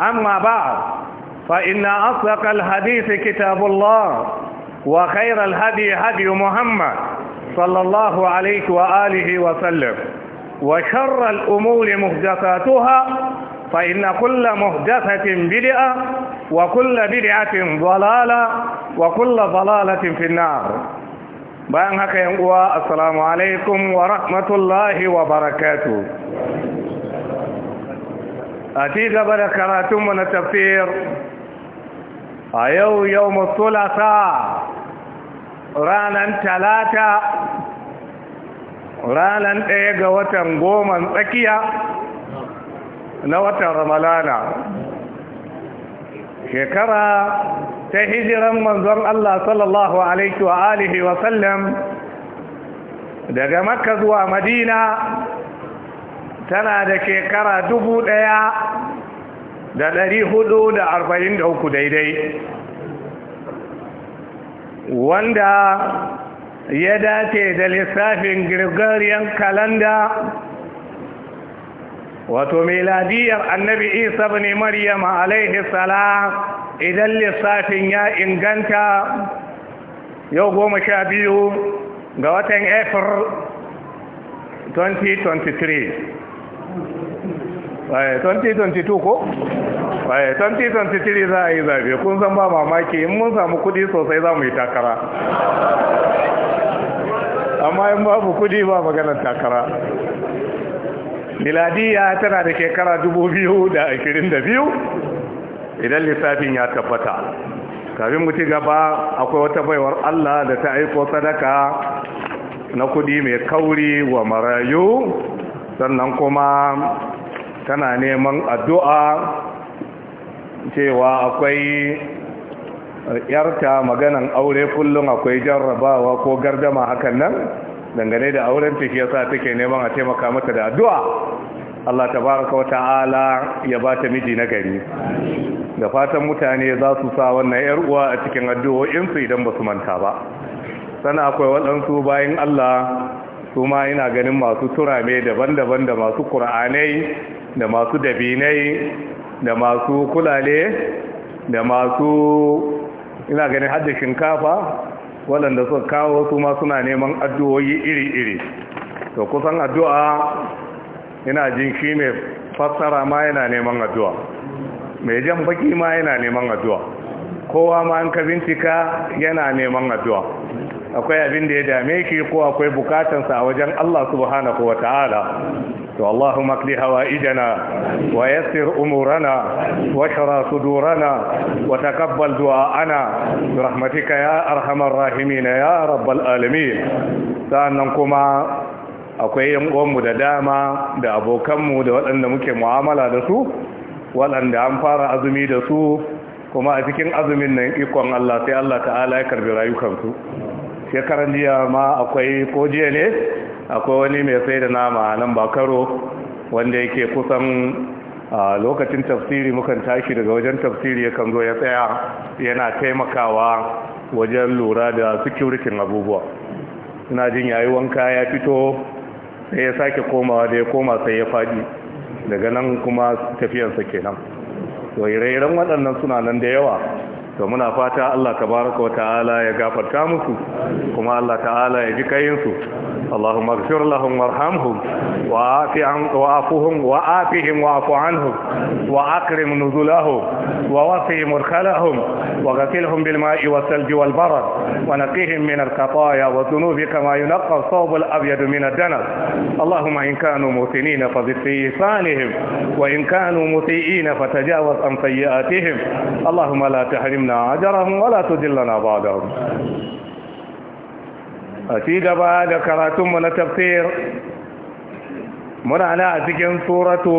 أما بعد فإن أصدق الحديث كتاب الله وخير الهدي هدي محمد صلى الله عليه وآله وسلم وشر الأمور مهدثاتها فإن كل مهدثة بدعة وكل بدعة ضلالة وكل ضلالة في النار بأنك ينقوى السلام عليكم ورحمة الله وبركاته a ci gaba da karatunmu na tafiyar a yau yau matsulasa ranar talata ranar ɗaya ga watan goman tsakiya na watan ramalana shekara ta hijiran manzon Allah sallallahu alaihi wa alihi wa sallam daga makka zuwa madina tana da shekara dubu ɗaya da ɗari hudu da arba'in da uku daidai wanda ya dace da lissafin gregorian kalanda wato miladiyar annabi isa ne maryama alaihi salam idan lissafin ya inganta yau goma sha biyu ga watan april 2023 2022 ko? 2023 za a yi zabe kun zan ba mamaki in mun samu kudi sosai za mu yi takara amma in babu kudi ba maganar takara miladiya tana da shekara 2022 idan lissafin ya tabbata kafin mu ci gaba akwai wata baiwar Allah da ta aiko sadaka na kudi mai kauri wa marayu sannan kuma tana neman addu'a cewa akwai yarta maganan aure kullum akwai jarrabawa ko gardama hakan nan dangane da auren ta yasa take neman a taimaka mata da addu'a Allah ta baraka wa ta'ala ya ba ta miji na gari da fatan mutane za su sa wannan 'yar'uwa a cikin addu'o'insu idan ba su manta ba sana akwai waɗansu bayan Allah su ma ina ganin masu turame daban-daban da masu ƙura'anai da masu dabinai da masu kulale da masu ina ganin hadda shinkafa waɗanda suka kawo su ma suna neman addu'o'i iri-iri to kusan addu'a ina jin shi mai fassara ma yana neman addu'a mai jan baki ma yana neman addu'a kowa ma an ka bincika yana neman addu'a akwai abin da ya dame shi ko akwai bukatansa a wajen Allah subhanahu wa ta'ala اللهم اكل هوائجنا ويسر أمورنا واشرى صدورنا وتقبل دعاءنا برحمتك يا أرحم الراحمين يا رب العالمين سأنكما akwai yan uwanmu da dama da abokanmu da waɗanda muke mu'amala da su waɗanda an fara azumi da su kuma a cikin azumin nan ikon Allah sai Allah ta'ala ya karbi rayukansu shekaran jiya ma akwai kojiya ne akwai wani mai sai da nama a nan bakaro wanda yake kusan lokacin tafsiri mukan tashi daga wajen tafsiri yakan zo ya tsaya yana taimakawa wajen lura da sikirikin abubuwa suna jin yayi wanka ya fito sai ya sake komawa da ya koma sai ya fadi, daga nan kuma tafiyansa kenan nan. waɗannan suna nan da yawa to muna fata Allah tabaraka wata'ala ya gafarta musu kuma Allah ta'ala ya ji kayinsu Allahumma ighfir lahum warhamhum wa'afi an wa'afuhum wa'afihim wa'fu anhum wa akrim nuzulahum wa wasi murkalahum wa ghafilhum bil ma'i was salji wal barad wa naqihim min al qataya wa dhunubi kama yunqqa thawb al abyad min ad danas Allahumma in kanu mutinina fa bi ihsanihim wa in kanu muti'ina fatajawaz an sayyi'atihim Allahumma la tahrimna ajarahun wala to dillana ba da a cigaba da karatunmu na tafsir muna na a cikin tsoratu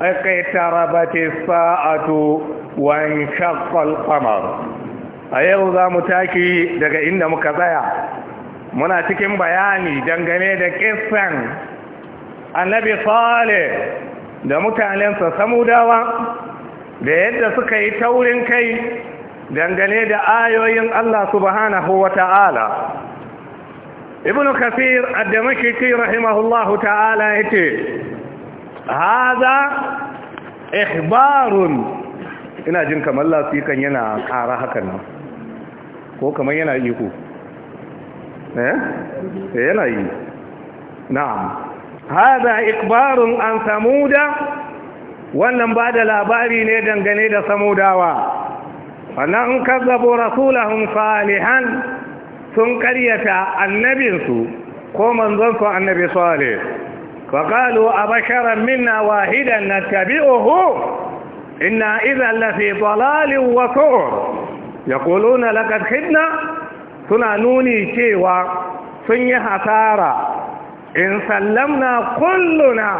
aikai tara ba ce sa'atu wani shakwal a yau za mu taki daga inda muka tsaya muna cikin bayani dangane da kisan annabi fale da mutanen mutanensa samudawa da yadda suka yi taurin kai dangane da ayoyin Allah subhanahu wa ta'ala ibn kafir ad ki rahimahullahu ta'ala yace haza ihbarun ina jin kamar lafikan yana ƙara hakan nan ko kamar yana iko eh? eh yana yi na'am hada ikbarun an samuda wannan ba da labari ne dangane da samudawa wannan in kazzabu rasulahum salihan sun karyata annabinsu ko manzonsu annabi salih fa a abasharan minna wahidan nattabi'uhu inna idhan lafi dalalin wa su'ur yaquluna laqad khidna suna nuni cewa sun yi hasara in sallamna kulluna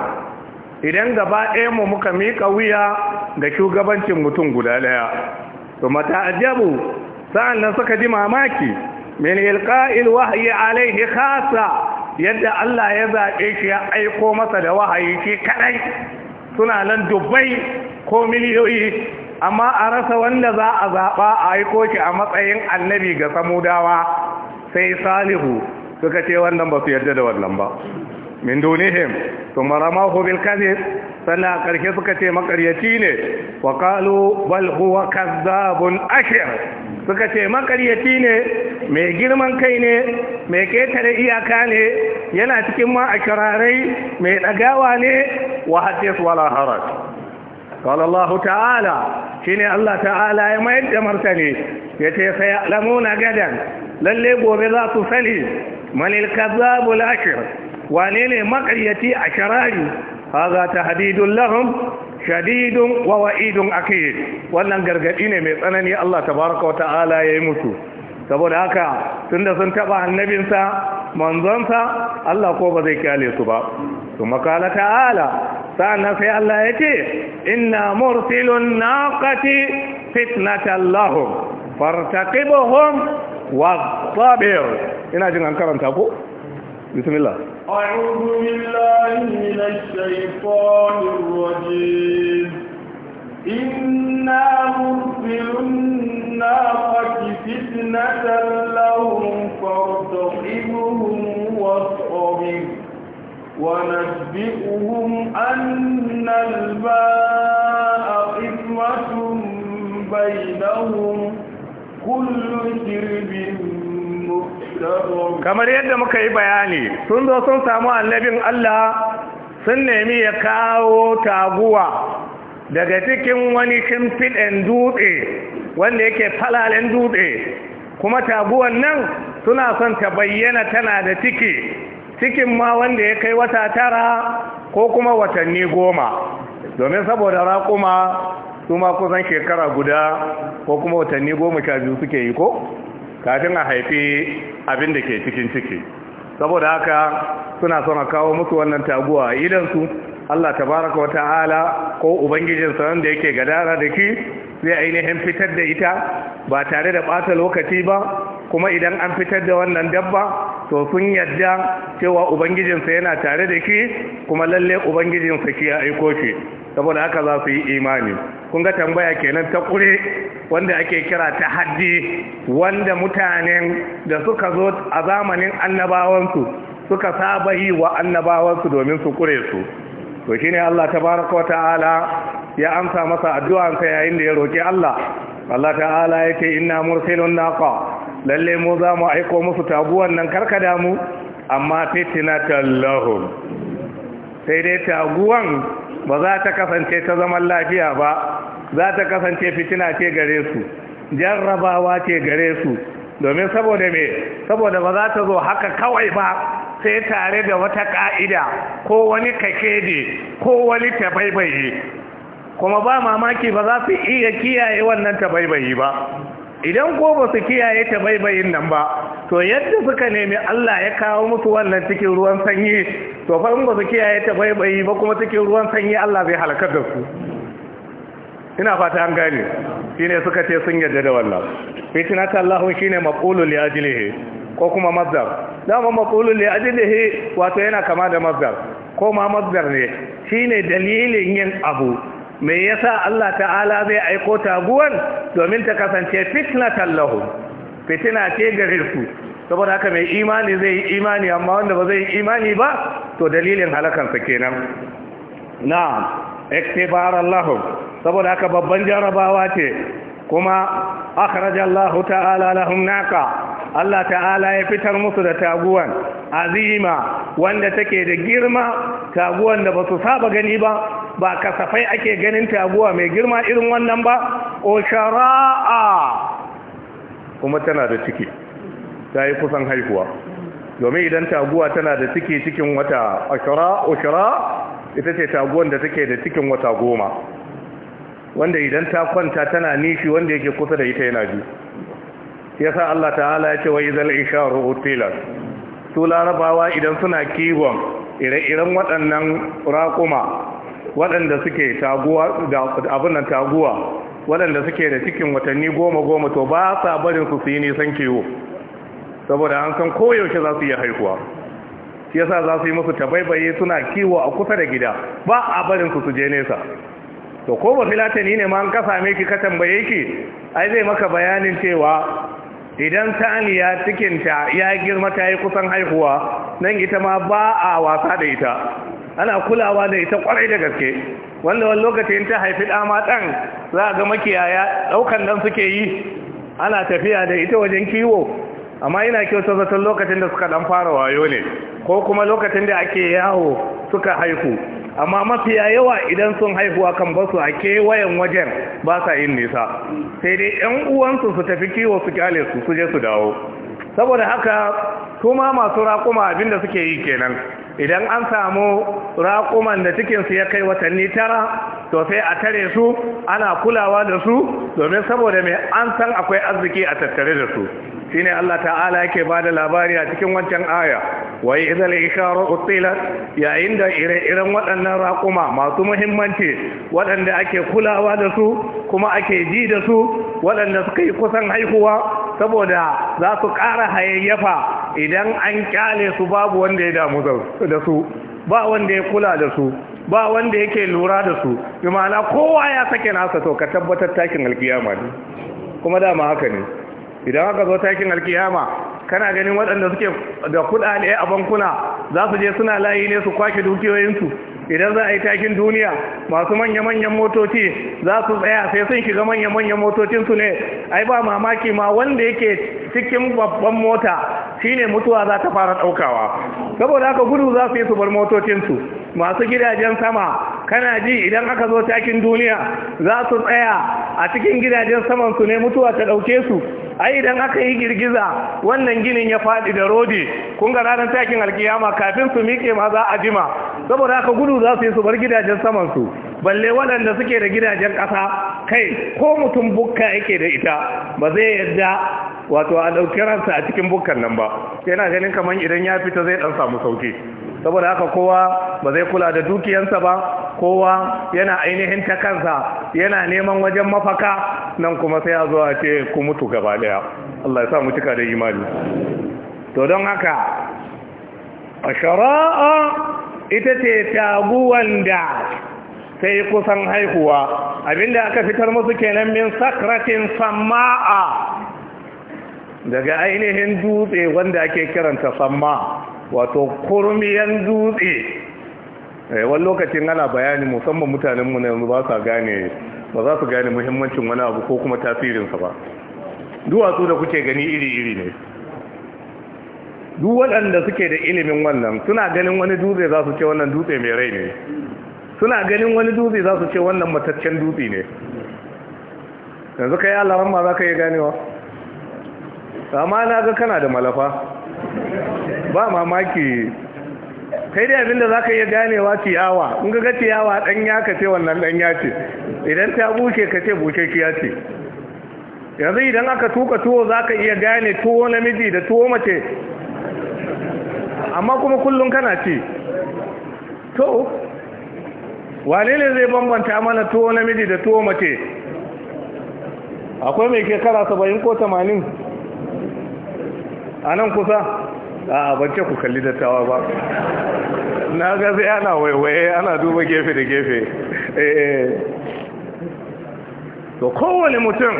idan gaba ɗaya mu muka miƙa wuya ga shugabancin mutum guda ɗaya to mata ajabu sa'an nan suka ji mamaki min ilqa'il wahyi alaihi khasa yadda Allah ya zaɓe shi ya aiko masa da wahayi shi kadai suna nan dubbai ko miliyoyi amma a rasa wanda za a zaɓa a aiko shi a matsayin annabi ga samudawa sai salihu suka ce wannan ba su yarda da wannan ba min dunihim thumma ramahu bil sannan karshe suka ce makaryaci ne wa bal huwa ashir suka ce makaryaci ne mai girman kai ne mai ƙetare iyaka ne yana cikin ma shirarai mai ɗagawa ne wa hadith wala haraj قال الله تعالى شيني الله تعالى ya يد مرتني يتي سيعلمون غدا للي za su سلي من الكذاب الأشر wane ne makaryaci a sharari haza ta hadidun lahum shadidun wa wa'idun akid wannan gargadi ne mai tsanani Allah tabaraka wa ta'ala yayi musu saboda haka tunda sun taɓa annabinsa manzonsa Allah ko ba zai kyale su ba su makala ta'ala sa'annan sai Allah ya ce. inna mursilun naqati fitnatan lahum fartaqibhum wa tabir ina jin an karanta ko بسم الله أعوذ بالله من الشيطان الرجيم إنا مرسل الناقة فتنة لهم فارتقبهم واصطبر ونبئهم أن الماء قسمة بينهم كل شرب kamar yadda muka yi bayani sun zo sun samu annabin Allah sun nemi ya kawo taguwa daga cikin wani shimfiɗin dutse wanda yake falalen dutse kuma taguwan nan suna son ta bayyana tana da ciki cikin ma wanda ya kai wata tara ko kuma watanni goma domin saboda raƙuma su ma kusan shekara guda ko kuma watanni goma sha biyu suke yi ko kafin a haifi abin da ke cikin ciki saboda haka suna son a kawo musu wannan taguwa a idansu Allah ta baraka tabaraka wata'ala ko ubangijinsa wanda yake gadara da ki zai ainihin fitar da ita ba tare da ɓata lokaci ba kuma idan an fitar da wannan dabba to sun yadda cewa ubangijinsa yana tare da ki kuma lalle ubangijinsa ki ya aiko shi saboda haka za su yi imani kun ga tambaya kenan ta kure wanda ake kira ta haddi wanda mutanen da suka zo a zamanin annabawansu suka saba yi wa annabawansu domin su kure su to ne Allah tabaraka ta'ala ya amsa masa addu'ansa yayin da ya roki Allah Allah ta'ala ya ce inna mursilun naqa lalle mu za mu aiko musu tabuwan nan karkada mu amma fitina fitnatallahu sai dai taguwan ba za ta kasance ta zaman lafiya ba za ta kasance fitina ce gare su jarrabawa ce gare su domin saboda me saboda ba za ta zo haka kawai ba sai tare da wata ka'ida ko wani kakede ko wani tabaibaye kuma ba mamaki ba za su iya kiyaye wannan tabaibaye ba idan ko ba su kiyaye ta baibayin nan ba to yadda suka nemi Allah ya kawo musu wannan cikin ruwan sanyi to fa in ba su kiyaye ta baibayi ba kuma cikin ruwan sanyi Allah zai halakar da su ina fata an gane shine suka ce sun yarda da wannan fitina ta Allahu shine maqulu li ajlihi ko kuma mazdar ma maqulu li ajlihi wato yana kama da mazdar ko ma mazdar ne shine dalilin yin abu me yasa Allah ta'ala zai aiko taguwan domin ta kasance fitnatan lahum fitina ce gare su saboda haka mai imani zai yi imani amma wanda ba zai yi imani ba to dalilin sa kenan na'am ikhtibar Allahum saboda haka babban jarabawa ce kuma akhraja Allah ta'ala lahum naqa Allah ta'ala ya fitar musu da taguwan azima wanda take da girma taguwan da ba su saba gani ba ba kasafai ake ganin taguwa mai girma irin wannan ba o shara'a kuma tana da ciki ta yi kusan haihuwa domin idan taguwa tana da ciki cikin wata ashara ashara ita ce taguwan da take da cikin wata goma wanda idan ta kwanta tana nishi wanda yake kusa da ita yana ji yasa Allah ta'ala ya ce wa idal isharu utilat su larabawa idan suna kiwon ire-iren waɗannan raƙuma waɗanda suke taguwa da waɗanda suke da cikin watanni goma goma to ba sa barin su su yi nisan kiwo saboda an san koyaushe za su iya haihuwa ya yasa za su yi musu tabaibaye suna kiwo a kusa da gida ba a barin su su je nesa to ko ba filatani ne ma an ka same ki ka tambaye ki ai zai maka bayanin cewa idan saniya cikinta ya girma ta yi kusan haihuwa nan ita ma ba a wasa da ita ana kulawa da ita kwarai da gaske wanda wani lokacin ta haifi dama ɗan za a ga makiyaya ɗaukan nan suke yi ana tafiya da ita wajen kiwo amma ina kyauta zaton lokacin da suka dan fara wayo ne ko kuma lokacin da ake yawo suka haihu amma mafiya yawa idan sun haihu a kan basu a kewayen wajen ba sa yin nisa sai dai yan uwansu su tafi kiwo su kyale su suje su dawo saboda haka su ma masu raƙuma abinda suke yi kenan idan an samu raƙuman da cikinsu ya kai watanni tara to sai a tare su ana kulawa da su domin saboda mai an san akwai arziki a tattare da su Shi ne Allah ta'ala yake ba da labari a cikin wancan aya wai izal isharu utilat yayin da ire-iren waɗannan raƙuma masu muhimmanci waɗanda ake kulawa da su kuma ake ji da su waɗanda suka yi kusan haihuwa saboda za su ƙara hayayyafa idan an kyale su babu wanda ya damu da su ba wanda ya kula da su ba wanda yake lura da su bi ma'ana kowa ya sake nasa to ka tabbatar takin alkiyama ne kuma dama haka ne idan aka zo takin alkiyama kana ganin waɗanda suke da kuɗaɗe a bankuna za su je suna layi ne su kwake dukiyoyinsu idan za a yi takin duniya masu manya-manyan motoci za su tsaya sai sun shiga manya-manyan motocinsu ne ai ba mamaki ma wanda yake cikin babban mota shine mutuwa za ta fara ɗaukawa saboda haka gudu za su yi su bar motocinsu masu gidajen sama kana ji idan aka zo takin duniya za su tsaya a cikin gidajen saman su ne mutuwa ta ɗauke su ai idan aka yi girgiza wannan ginin ya faɗi da rodi kun ga ranar takin alkiyama kafin su miƙe ma za a jima saboda haka gudu za su yi su bar gidajen saman su balle waɗanda suke da gidajen ƙasa kai ko mutum bukka yake da ita ba zai yadda wato a ɗauki ransa a cikin bukkan nan ba yana ganin kamar idan ya fita zai ɗan samu sauki saboda haka kowa ba zai kula da dukiyansa ba kowa yana ainihin ta kansa yana neman wajen mafaka nan kuma sai a zuwa ce ku mutu gaba daya Allah ya sa mu cika da imani to don haka ashara'a ita ce taguwan da sai kusan haihuwa abinda aka fitar musu kenan min sakratin sama'a daga ainihin dutse wanda ake kiranta sama'a wato kurmiyan dutse eh, wani lokacin ana bayani musamman mutanenmu mu ne ba sa gane ba za su gane muhimmancin wani abu ko kuma tasirinsa ba duwatsu da kuke gani iri-iri ne duk waɗanda suke da ilimin wannan suna ganin wani dutse za su ce wannan dutse mai rai ne suna ganin wani dutse za su ce wannan mataccen dutse ne yanzu ka yi alaran ma za ka yi ganewa amma na ga kana da malafa ba mamaki kai dai abinda za ka iya ganewa ciyawa in ga ciyawa ɗanya ka ce wannan ya ce idan ta buke ka ce ya ce yanzu idan aka tuka tuwo za ka iya gane tuwo namiji da tuwo mace amma kuma kullum kana ci to wane ne zai bambanta mana tuwo namiji da tuwo mace akwai mai ke kara saba'in ko tamanin a nan kusa a abance ku kalli dattawa ba na ga sai ana waiwaye ana duba gefe da gefe eh, eh. to kowane mutum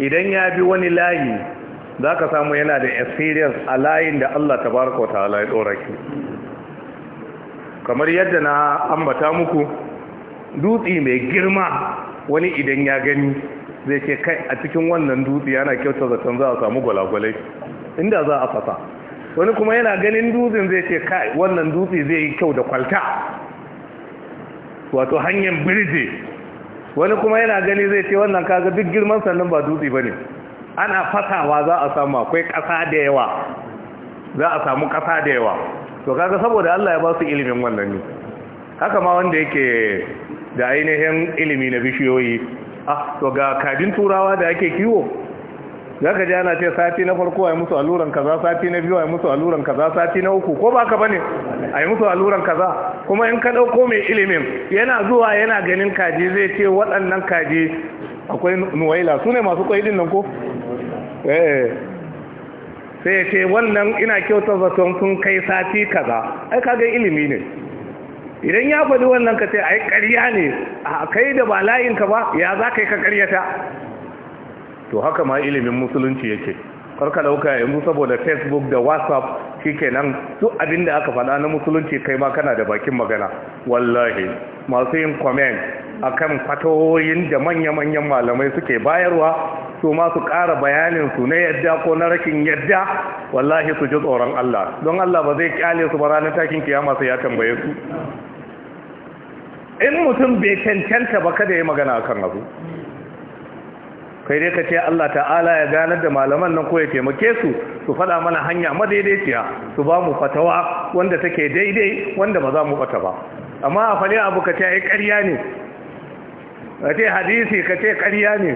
idan ya bi wani layi za ka samu yana da experience a layin da Allah ta baraka wata ala ya kamar yadda na ambata muku dutsi mai girma wani idan ya gani zai ce kai a cikin wannan dutse yana kyauta zaton za a samu gwalagwalai inda za a fasa wani kuma yana ganin dutsen zai ce kai wannan dutse zai yi kyau da kwalta wato hanyar birje wani kuma yana gani zai ce wannan kaga duk girman sannan ba dutse ba ne ana fasawa za a samu akwai ƙasa da yawa za a samu ƙasa da yawa to kaga saboda Allah ya ba su ilimin wannan ne haka ma wanda yake da ainihin ilimi na bishiyoyi ah to ga kajin turawa da ake kiwo zaka ji ana ce sati na farko ayi musu alluran kaza sati na biyu ayi musu alluran kaza sati na uku ko baka bane ayi musu alluran kaza kuma in ka ɗauko mai ilimin yana zuwa yana ganin kaji zai ce waɗannan kaji akwai nuwaila su ne masu kwaidin nan ko eh sai ya ce wannan ina kyautar zaton sun kai sati kaza ai kaga ilimi ne idan ya faɗi wannan ka ce ai ƙarya ne a kai da ba layinka ba ya za ka yi ka ƙaryata to haka ma ilimin musulunci yake karka dauka yanzu saboda facebook da whatsapp nan duk abin da aka faɗa na musulunci kai ma kana da bakin magana wallahi masu yin comment kan fatoyin da manya-manyan malamai suke bayarwa su ma ƙara bayanin su na yadda ko na rashin yadda wallahi su ji tsoron Allah don Allah ba zai kyale su ba ranar takin kiyama sai ya tambaye su in mutum bai cancanta ba kada ya magana a kan abu kai dai ka ce Allah ta'ala ya ganar da malaman nan ko ya taimake su su faɗa mana hanya madaidaiciya su ba mu fatawa wanda take daidai wanda ba za mu bata ba amma a fali abu ka ce ai ƙarya ne ka ce hadisi ka ce ƙarya ne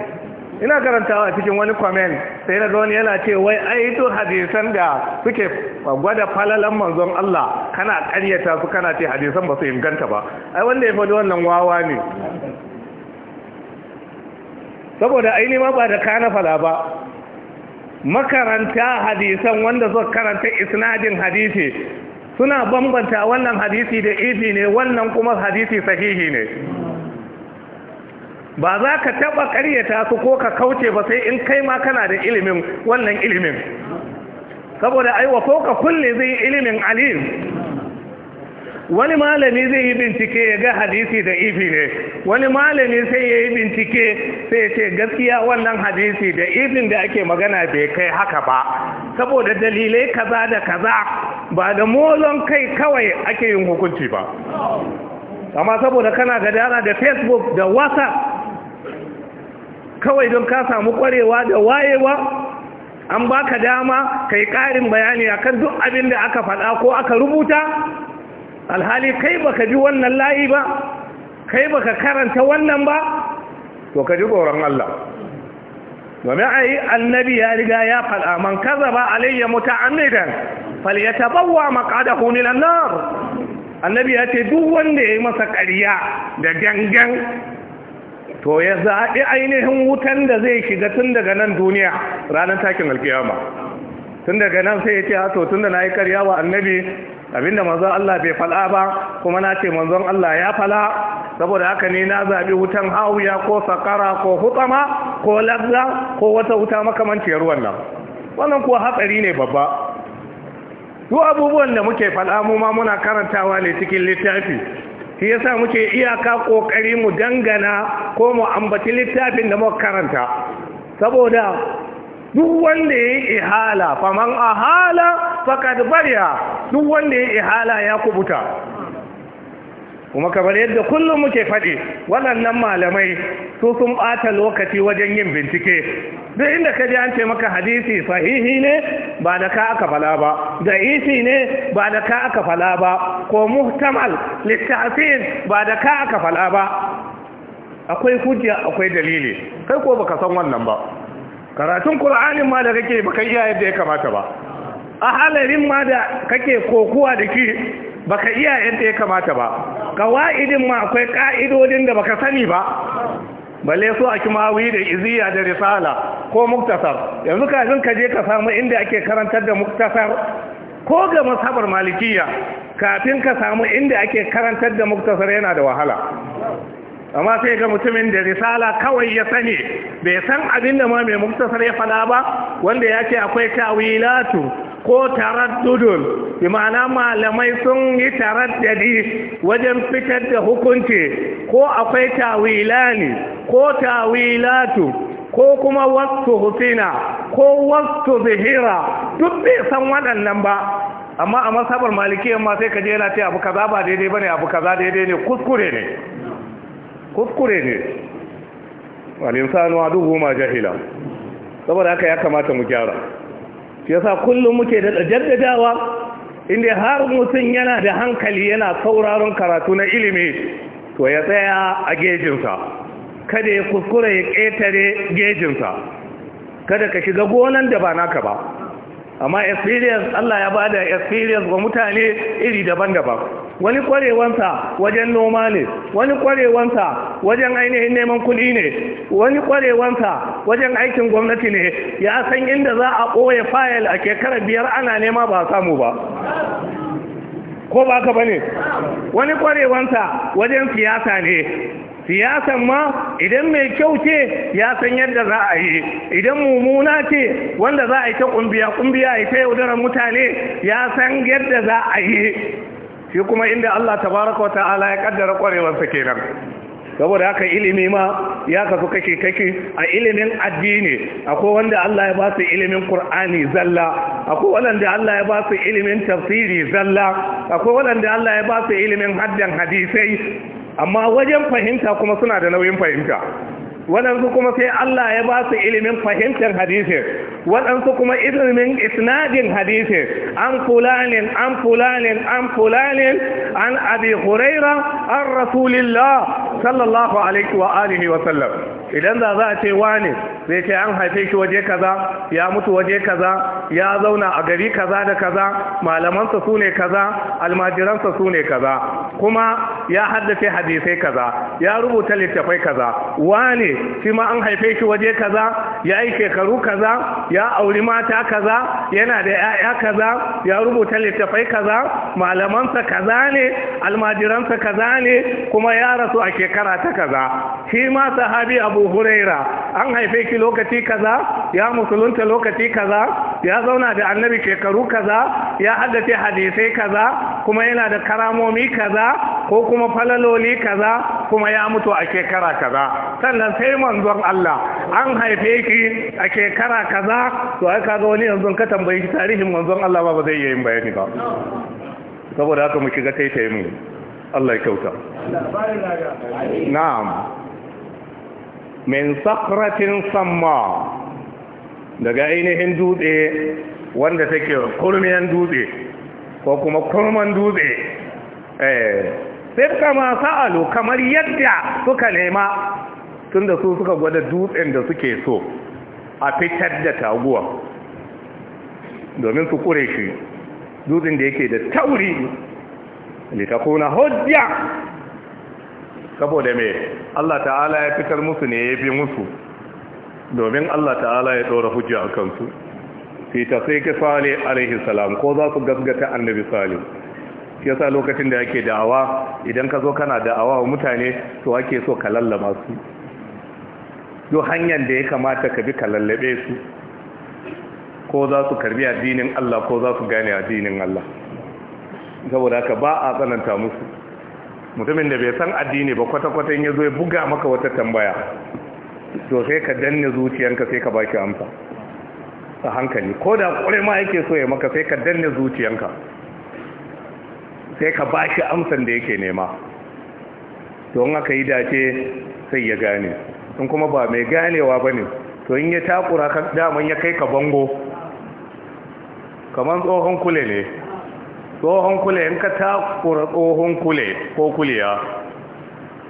ina karantawa cikin wani kwamen sai na zaune yana ce wai ai to hadisan da suke gwada falalan manzon Allah kana karyata su kana ce hadisan ba su inganta ba ai wanda ya faɗi wannan wawa ne saboda aini ma ba da kana fala ba makaranta hadisan wanda suka karanta isnadin hadisi suna bambanta wannan hadisi da ifi ne wannan kuma hadisi sahihi ne ba za ka taɓa ƙaryata su ko ka kauce ba sai in kai ma kana da ilimin wannan ilimin saboda aiwa ko ka kulle zai yi ilimin alim wani malami zai yi bincike ya ga hadisi da ifi ne wani malami sai ya yi bincike sai ce gaskiya wannan hadisi da ifin da ake magana bai kai haka ba saboda dalilai kaza da kaza ba da molon kai kawai ake yin hukunci ba amma saboda kana gadara da facebook da whatsapp kawai don ka samu kwarewa da wayewa an baka dama kai ƙarin bayani akan duk abin da aka faɗa ko aka rubuta alhali kai baka ji wannan layi ba kai baka karanta wannan ba to ka ji tsoron Allah domin a yi annabi ya riga ya faɗa man kaza ba alayya muta'ammidan falyatabawwa maqadahu min an-nar annabi ya ce duk wanda ya yi masa ƙarya da gangan to ya zaɓi ainihin wutan da zai shiga tun daga nan duniya ranar takin alkiyama tun daga nan sai ya ce hato ah, tun da na yi karya wa annabi abinda manzon Allah bai fala ba kuma na ce manzon Allah ya fala saboda haka ne na zaɓi wutan hawuya ko sakara ko hutsama ko Lagza ko wata wuta makamanciyar wannan wannan kuwa hatsari ne babba duk abubuwan da muke faɗa mu ma muna karantawa ne cikin littafi shi yasa muke iyaka kokari mu dangana ko mu ambaci littafin da muka karanta saboda duk wanda ya yi ihala faman ahala faqad bariya duk wanda ya ihala ya kubuta kuma kamar yadda kullum muke faɗi waɗannan malamai su sun ɓata lokaci wajen yin bincike duk inda ka ji an ce maka hadisi sahihi ne ba da ka aka fala ba da isi ne ba da ka aka fala ba ko muhtamal littafin ba da ka aka fala ba akwai hujja akwai dalili kai ko baka san wannan ba karatun qur'anin ma da kake baka iya yadda ya kamata ba a halarin ma da kake kokuwa da ki baka iya yadda ya kamata ba kawa'idin ma akwai ka'idodin da baka sani ba balle su a kimawi da iziya da risala ko muktasar yanzu kafin ka je ka samu inda ake karantar da muktasar ko ga masabar malikiya kafin ka samu inda ake karantar da muktasar yana da wahala amma sai ga mutumin da risala kawai ya sani bai san abin da ma mai muktasar ya fada ba wanda ya ce akwai tawilatu ko taraddudun bi ma'ana malamai sun yi taraddadi wajen fitar da hukunci ko akwai tawilani ko tawilatu ko kuma wasu hufina ko wasu zihira duk bai san waɗannan ba amma a masabar malikiyar ma sai ka je yana ce abu kaza ba daidai ba ne abu kaza daidai ne kuskure ne kuskure ne wal sanuwa aduhu ma jahila saboda haka ya kamata mu gyara yasa kullum muke da jaddadawa inda har mutum yana da hankali yana sauraron karatu na ilimi to ya tsaya a gejinsa kada ya kuskura ya ƙetare gejinsa kada ka shiga gonan da ba naka ba amma experience Allah ya bada experience ga mutane iri daban-daban wani kwarewansa wajen noma ne wani kwarewansa wajen ainihin neman kuɗi ne wani kwarewansa wajen aikin gwamnati ne ya san inda za a ɓoye fayil a kekara biyar ana nema ba samu ba ko ba ka ba ne wani kwarewanta wajen siyasa ne siyasan ma idan mai kyau ce ya san yadda za a yi idan mummuna ce wanda za a yi ta ƙumbiya ƙumbiya ya ta yaudarar mutane ya san yadda za a yi shi kuma inda Allah tabaraka wa ta'ala ya ƙaddara kwarewarsa kenan saboda haka ilimi ma ya kasu kashe kashe a ilimin addini akwai wanda Allah ya ba su ilimin Kur'ani zalla akwai wanda Allah ya ba su ilimin tafsiri zalla akwai wanda Allah ya ba su ilimin haddan hadisai amma wajen fahimta kuma suna da nauyin fahimta waɗansu kuma sai Allah ya ba su ilimin fahimtar hadisai. waɗansu kuma izinin isnadin hadisin an fulanin an fulanin an fulanin an abi huraira an rasulillah sallallahu alaihi wa alihi wa sallam idan za za a ce wani zai ce an haife shi waje kaza ya mutu waje kaza ya zauna a gari kaza da kaza malamansa su ne kaza almajiransa su ne kaza kuma ya haddace hadisai kaza ya rubuta littafai kaza wane shi ma an haife shi waje kaza ya yi shekaru kaza ya auri mata kaza yana da ya'ya kaza ya rubuta littafai kaza malamansa kaza ne almajiransa kaza ne kuma ya rasu a shekara ta kaza shi ma sahabi abu huraira an haife ki lokaci kaza ya musulunta lokaci kaza ya zauna da annabi shekaru kaza ya haddace hadisai kaza kuma yana da karamomi kaza ko kuma falaloli kaza kuma ya mutu a shekara kaza sannan sai manzon Allah an haife ki a shekara kaza to ai kaga wani yanzu ka tambayi tarihin manzon Allah ba zai yi bayani ba saboda haka mu shiga tayi mu Allah ya kyauta na'am min sakratin samma daga ainihin dutse wanda take kurmiyan dutse ko kuma kurman dutse eh sai kama sa'alu kamar yadda suka nema tun da su suka gwada dutsen da suke so a fitar da taguwa domin su kure shi dutsen da yake da tauri litakuna hujja saboda me Allah ta'ala ya fitar musu ne ya bi musu domin Allah ta'ala ya ɗora hujja a kansu fi ta sai ka sale alaihi salam ko za su gasgata annabi sale shi yasa lokacin da yake da'awa idan ka zo kana da'awa wa mutane to ake so ka lallama su duk hanyar da ya kamata ka bi ka lallabe su ko za su karbi addinin Allah ko za su gane addinin Allah saboda haka ba a tsananta musu mutumin da bai san addini ba kwata-kwata ya zo ya buga maka wata tambaya to sai ka danne zuciyanka sai ka baki amsa a hankali ko da kure ma yake so ya maka sai ka danne zuciyanka sai ka bashi amsan da yake nema don aka yi dace sai ya gane in kuma ba mai ganewa ba ne to in ya takura daman ya kai ka bango kamar tsohon kule ne tsohon kule in ka takura tsohon kule ko kuliya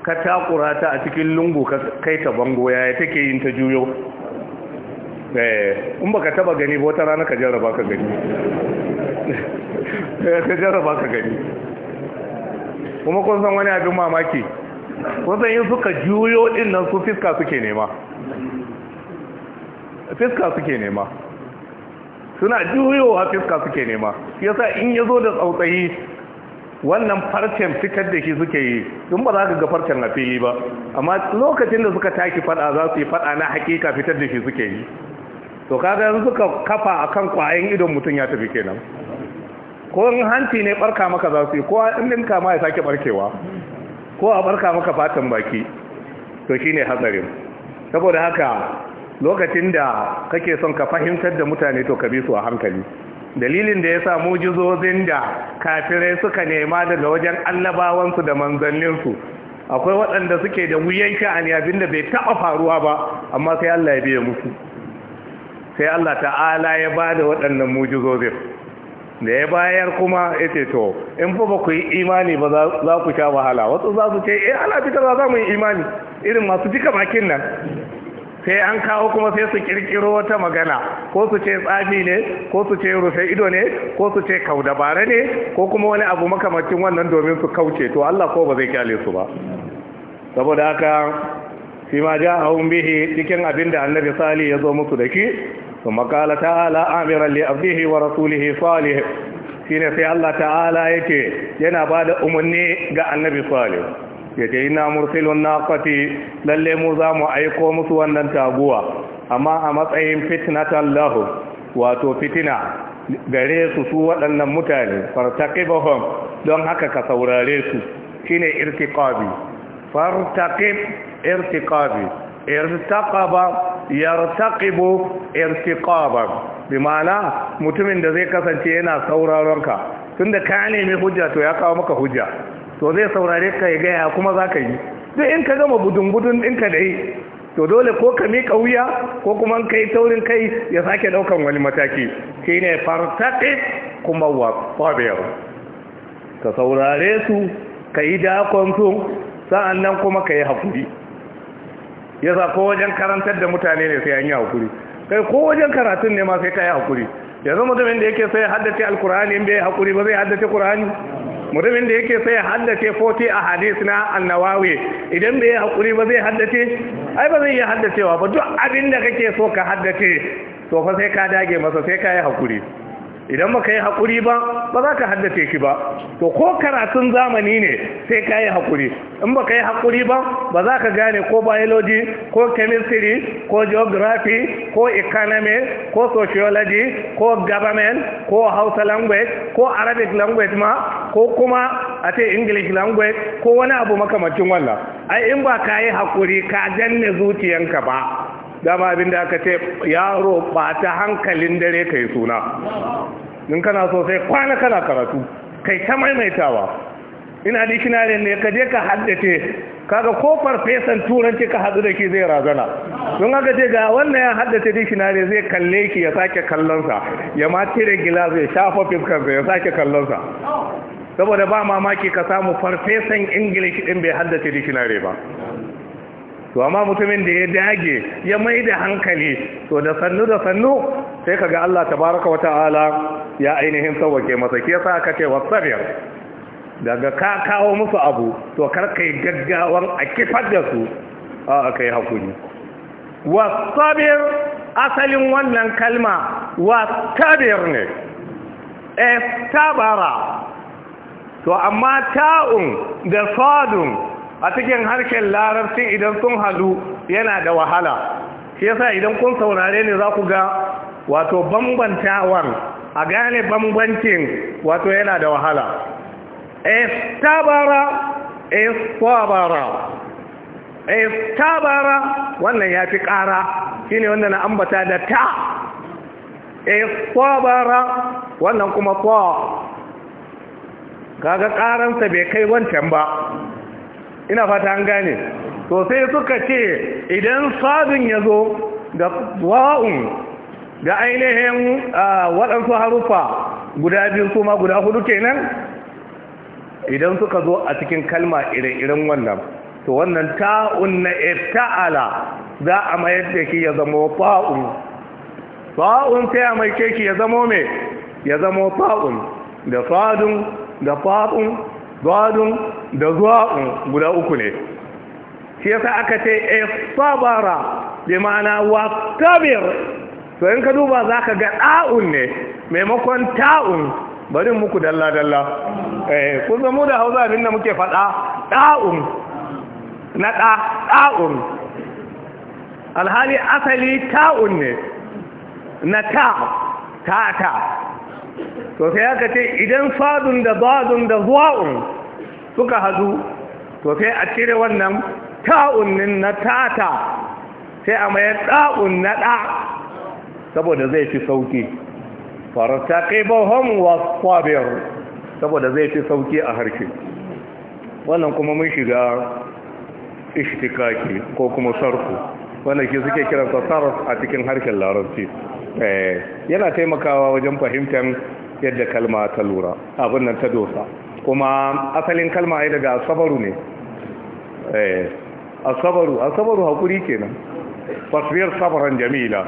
ka takura ta a cikin lungu ka kai ta bango yaya take yin ta juyo eh, in ka taba gani ba wata rana ka jarraba ka gani ka jarraba ka gani kuma kun san wani abin mamaki wasan yin suka juyo din nan su fiska suke nema fiska suke nema suna juyowa fiska suke nema yasa in ya zo da tsautsayi wannan farcen fitar da shi suke yi in ba za ka ga farcen a fili ba amma lokacin da suka taki fada za su yi fada na hakika fitar da shi suke yi to kaga yanzu suka kafa a kan kwayan idon mutum ya tafi kenan ko in hanci ne barka maka za su yi ko in ninka ma ya sake barkewa ko a barka maka fatan baki to shine hatsarin saboda haka lokacin da kake son ka fahimtar da mutane to ka bi su a hankali dalilin da ya sa mujizozin da kafirai suka nema daga wajen allabawansu da manzanninsu akwai waɗanda suke da wuyan sha'ani abin da bai taɓa faruwa ba amma sai Allah ya biya musu sai Allah ta'ala ya bada waɗannan mujizozin da ya bayar kuma ya ce to in fa ba ku yi imani ba za ku sha wahala wasu za su ce eh ala fitar za mu yi imani irin masu jika bakin nan sai an kawo kuma sai su kirkiro wata magana ko su ce tsafi ne ko su ce rufe ido ne ko su ce dabara ne ko kuma wani abu makamacin wannan domin su kauce to Allah ko ba zai kyale su ba saboda haka shi ma ja a bihi cikin abin da annabi sali ya zo musu da ki kuma kala ta'ala amiran li abdihi wa rasulihi salih shine sai Allah ta'ala yake yana bada umarni ga annabi salih yace ina mursilun naqati lalle mu za mu aiko musu wannan taguwa amma a matsayin fitnatan lahu wato fitina gare su su waɗannan mutane fartaqibahum don haka ka saurare su shine irtiqabi fartaqib irtiqabi irtaqaba yartaqibu irtiqaban bi ma'ana mutumin da zai kasance yana sauraron ka tunda ka nemi hujja to ya kawo maka hujja to zai saurare ka ya gaya kuma zaka yi duk in ka gama budun budun din ka dai to dole ko ka mika wuya ko kuma kai taurin kai ya sake ɗaukan wani mataki shi ne kuma wa fabiyar ka saurare su ka yi dakon su kuma ka yi hakuri yasa ko wajen karantar da mutane ne sai an yi hakuri kai ko wajen karatun ne ma sai ka yi hakuri yanzu mutumin da yake sai haddace alkur'ani in bai hakuri ba zai haddace qur'ani mutumin da yake sai haddace 40 a hadis na annawawi idan bai hakuri ba zai haddace ai ba zai iya haddacewa ba duk abin da kake so ka haddace to fa sai ka dage masa sai ka yi hakuri idan baka yi haƙuri ba ba za ka haddace shi ba to ko karatun zamani ne sai ka yi haƙuri in ba ka yi haƙuri ba ba za ka gane ko biology ko chemistry ko geography ko economy ko sociology ko government ko hausa language ko arabic language ma ko kuma a ce english language ko wani abu makamacin wannan ai in ba ka yi haƙuri ka janne zuciyanka ba dama da aka ce yaro ba ta hankalin dare ka yi suna in kana so sai kwana kana karatu kai ta maimaitawa ina ikina ne ka je ka haddace kaga ko farfesan turanci ka hadu da shi zai razana don haka ce ga wannan ya haddace ne zai kalle ki ya sake kallonsa ya ma cire gilas ya shafa fiskarsa ya sake kallonsa saboda ba mamaki ka samu farfesan ingilishi din bai haddace dikinare ba to amma mutumin da ya dage ya mai da hankali to da sannu da sannu sai kaga Allah tabaraka wa ta'ala ya ainihin sauke masa ke sa aka ce wasabir daga ka kawo musu abu to kar kai gaggawan a kifar da su a kai hakuri wasabir asalin wannan kalma wasabir ne estabara to amma ta'un da sadun a cikin harshen larabci idan sun hadu yana da wahala shi yasa idan kun saurare ne za ku ga wato bambantawan a gane bambancin wato yana da wahala estabara estabara estabara wannan ya fi ƙara shi ne wannan na ambata da ta estabara wannan kuma kwa kaga ƙaransa bai kai wancan ba ina fata an gane to sai suka ce idan sabin ya zo da wa'un da ainihin waɗansu harufa guda biyu kuma guda hudu kenan idan suka zo a cikin kalma ire-iren wannan to wannan ta'un na ta'ala za a mayar da ke ya zama fa'un fa'un sai a mai ki ya zama me ya zama fa'un da fa'un da fa'un zadun da zuwa'un guda uku ne shi yasa aka ce e sabara bi ma'ana wa tabir to in ka duba za ka ga ɗa'un ne maimakon ta'un barin muku dalla-dalla eh, kun mu da hausa abinda muke faɗa ɗa'un na ɗa ɗa'un alhali asali ta'un ne na ta ta ta to sai aka ce idan fadun da badun da zuwa'un suka hadu to sai a cire wannan ta'unnin na tata sai a mayar ɗa'un na ɗa saboda zai fi sauki farata ƙibahon wasfabiyar saboda zai fi sauki a harshe wannan kuma mun shiga ishtikaki ko kuma sarku wannan ke suke kiransa saras a cikin harshen larabci eh, yana taimakawa wajen fahimtar yadda kalma ta lura abin nan ta dosa kuma asalin kalma ya daga asabaru ne eh asabaru asabaru hakuri kenan fasbir sabaran jamila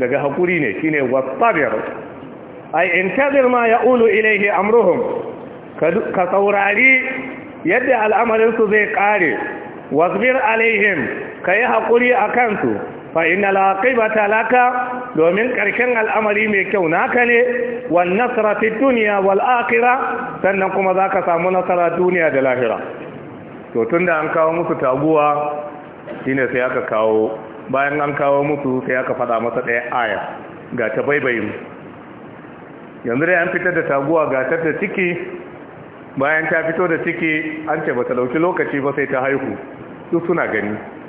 daga hakuri ne shine wasabir ai intadir ma ya ulu ilaihi amruhum ka saurari yadda al'amarin su zai kare wasbir alaihim kai hakuri akan su fa inna ta laka domin karshen al'amari mai kyau naka ne wa nasra duniya dunya sannan kuma za ka samu nasara duniya da lahira to tun da an kawo musu taguwa shi ne sai aka kawo bayan an kawo musu sai aka fada masa ɗaya aya ga ta baibayin yanzu dai an fitar da taguwa ga ta da ciki bayan ta fito da ciki an ce ba ta ɗauki lokaci ba sai ta haihu duk suna gani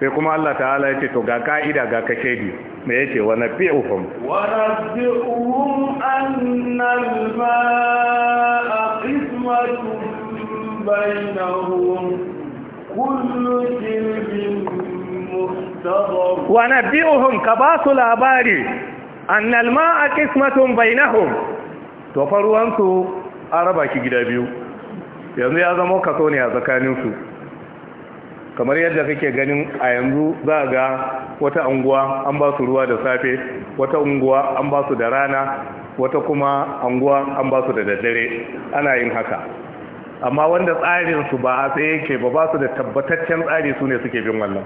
sai kuma Allah ta'ala ya ce to ga ka'ida ga kashedi me ya ce, nabi'uhum wa nabi'uhum annal ma'a qismatun bainahum kullu ka ba su labari annal ma'a qismatun bainahum to faruwan su a raba ki gida biyu yanzu ya zama kaso ne a tsakaninsu kamar yadda kake ganin a yanzu za ga wata unguwa an ba su ruwa da safe wata unguwa an ba su da rana wata kuma unguwa an ba su da daddare ana yin haka amma wanda tsarinsu ba a tsaye yake ba ba su da tabbataccen tsari su ne suke bin wannan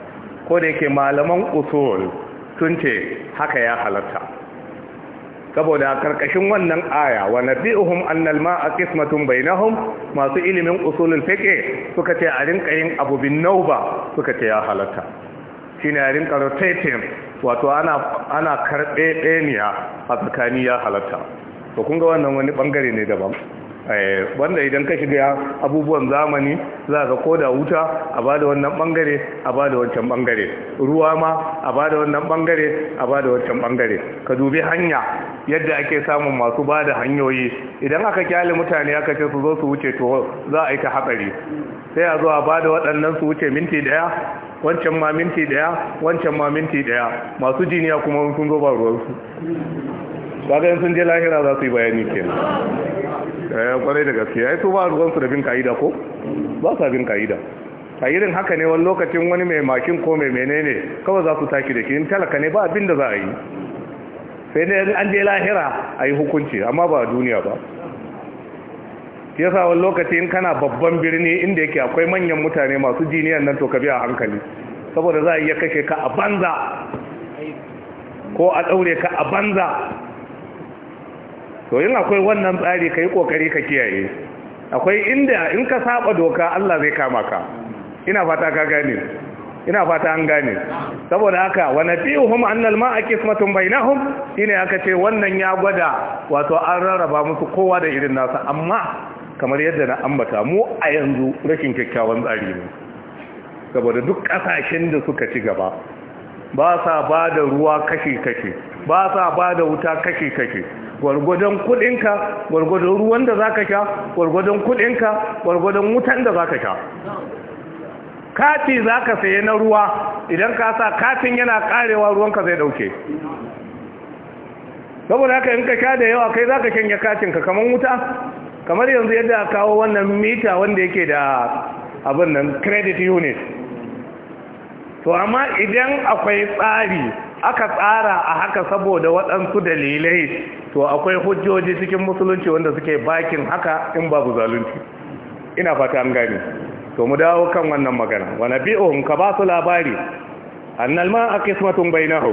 ko da yake malaman usul sun ce haka ya halatta saboda karkashin wannan aya wa nabi'uhum annal ma'a qismatun bainahum masu ilimin usulul fiqh suka ce a rinka yin abu bin nauba suka ce ya halatta shine a rinka rotating wato ana ana karbe deniya a tsakani ya halatta to kun ga wannan wani bangare ne daban wanda eh, idan ka shiga abubuwan zamani za ka da wuta a bada wannan bangare a bada wancan bangare ruwa ma a bada wannan bangare a bada wancan bangare ka dubi hanya yadda ake samun masu bada hanyoyi idan aka kyale mutane aka ce su zo su wuce to za a yi ta hatsari sai a zo a bada waɗannan su wuce minti daya wancan ma minti daya wancan ma minti daya masu jiniya kuma sun zo ba ruwansu kaga sun je lahira za su yi bayani kenan ya eh, kwarai da gaskiya ya tuba ruwan su da bin ka'ida ko ba sa bin ka'ida a irin haka ne wani lokacin wani mai makin ko mai menene kawai za su taki da ke in talaka ne ba abin da za a yi sai dai an je lahira a yi hukunci amma ba a duniya ba yasa wani lokaci in kana babban birni inda yake akwai manyan mutane masu jiniyan nan to ka biya hankali saboda za a iya kashe ka a banza ko a ɗaure ka a banza to yin akwai wannan tsari ka yi ƙoƙari ka kiyaye akwai inda in ka saba doka Allah zai kama ka ina fata ka gane ina fata an gane saboda haka wa nabihum annal ma'a qismatun bainahum ina aka ce wannan ya gwada wato an rarraba musu kowa da irin nasa amma kamar yadda na ambata mu a yanzu rashin kyakkyawan tsari ne saboda duk kasashen da suka ci gaba ba sa ba ruwa kashi kashi ba sa ba wuta kashi kashi gwargwadon kudinka gwargwadon ruwan da za ka sha gwargwadon kudinka gwargwadon wutan da za ka sha kati za ka saye na ruwa idan ka sa katin yana karewa ruwanka zai dauke saboda haka in ka sha da yawa kai zaka ka katin ka kamar wuta kamar yanzu yadda a kawo wannan mita wanda yake da abin nan credit unit to amma idan akwai tsari aka tsara a haka saboda waɗansu dalilai to akwai hujjoji cikin musulunci wanda suke bakin haka in babu zalunci ina fata an gani to mu dawo kan wannan magana wa nabi'uhum ka ba su labari annal bai na hau.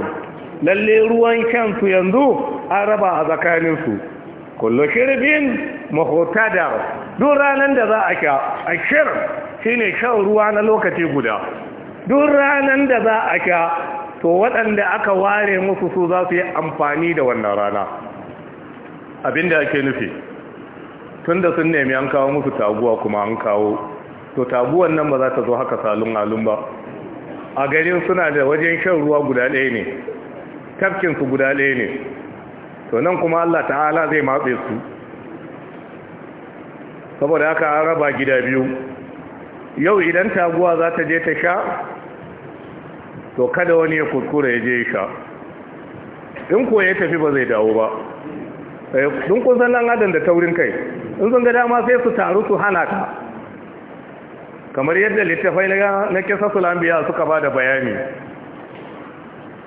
lalle ruwan kyansu yanzu an raba a tsakaninsu. Kullum shirbin shirbin da duk ranar da za a sha ashir shine shan ruwa na lokaci guda duk ranar da za a sha to waɗanda aka ware musu su za su yi amfani da wannan rana abinda ake nufi tun da sun nemi an kawo musu taguwa kuma an kawo to taguwan nan ba za ta zo haka salun alun ba a garin suna da wajen shan ruwa guda ɗaya ne tafkinsu guda ɗaya ne to nan kuma allah ta'ala zai matse su saboda haka an raba gida biyu yau idan taguwa za ta je ta sha to kada wani ya kuskure ya je sha in ko ya tafi ba zai dawo ba eh, dun kun san nan adam da taurin kai in sun ga dama sai su taru su hana ta kamar yadda littafai na kisa sulambiya suka ba da bayani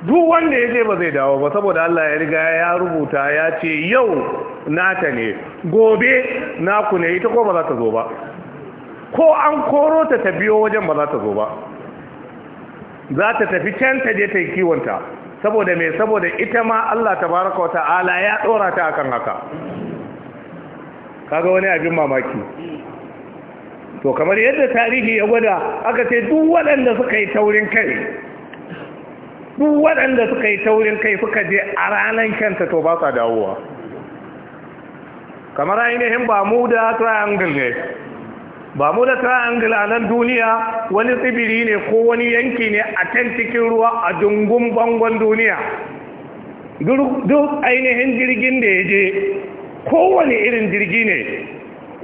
duk wanda ya je ba zai dawo ba saboda Allah ya riga ya rubuta ya ce yau nata ne gobe naku ne ita ko ba za ta zo ba ko an koro ta ta biyo wajen ba za ta zo ba za ta tafi can ta je ta yi kiwonta saboda mai saboda ita ma Allah Ta baraka wa ta'ala ya dora ta akan haka kaga wani abin mamaki to kamar yadda tarihi ya gwada aka ce duk waɗanda suka yi taurin kai duk waɗanda suka yi taurin kai suka je a ranar kyanta to ba sa dawowa kamar ainihin ba mu da triangle ne ba mu da triangle a nan duniya wani tsibiri ne ko wani yanki ne a can cikin ruwa a dungun bangon duniya duk ainihin jirgin da ya je kowane irin jirgi ne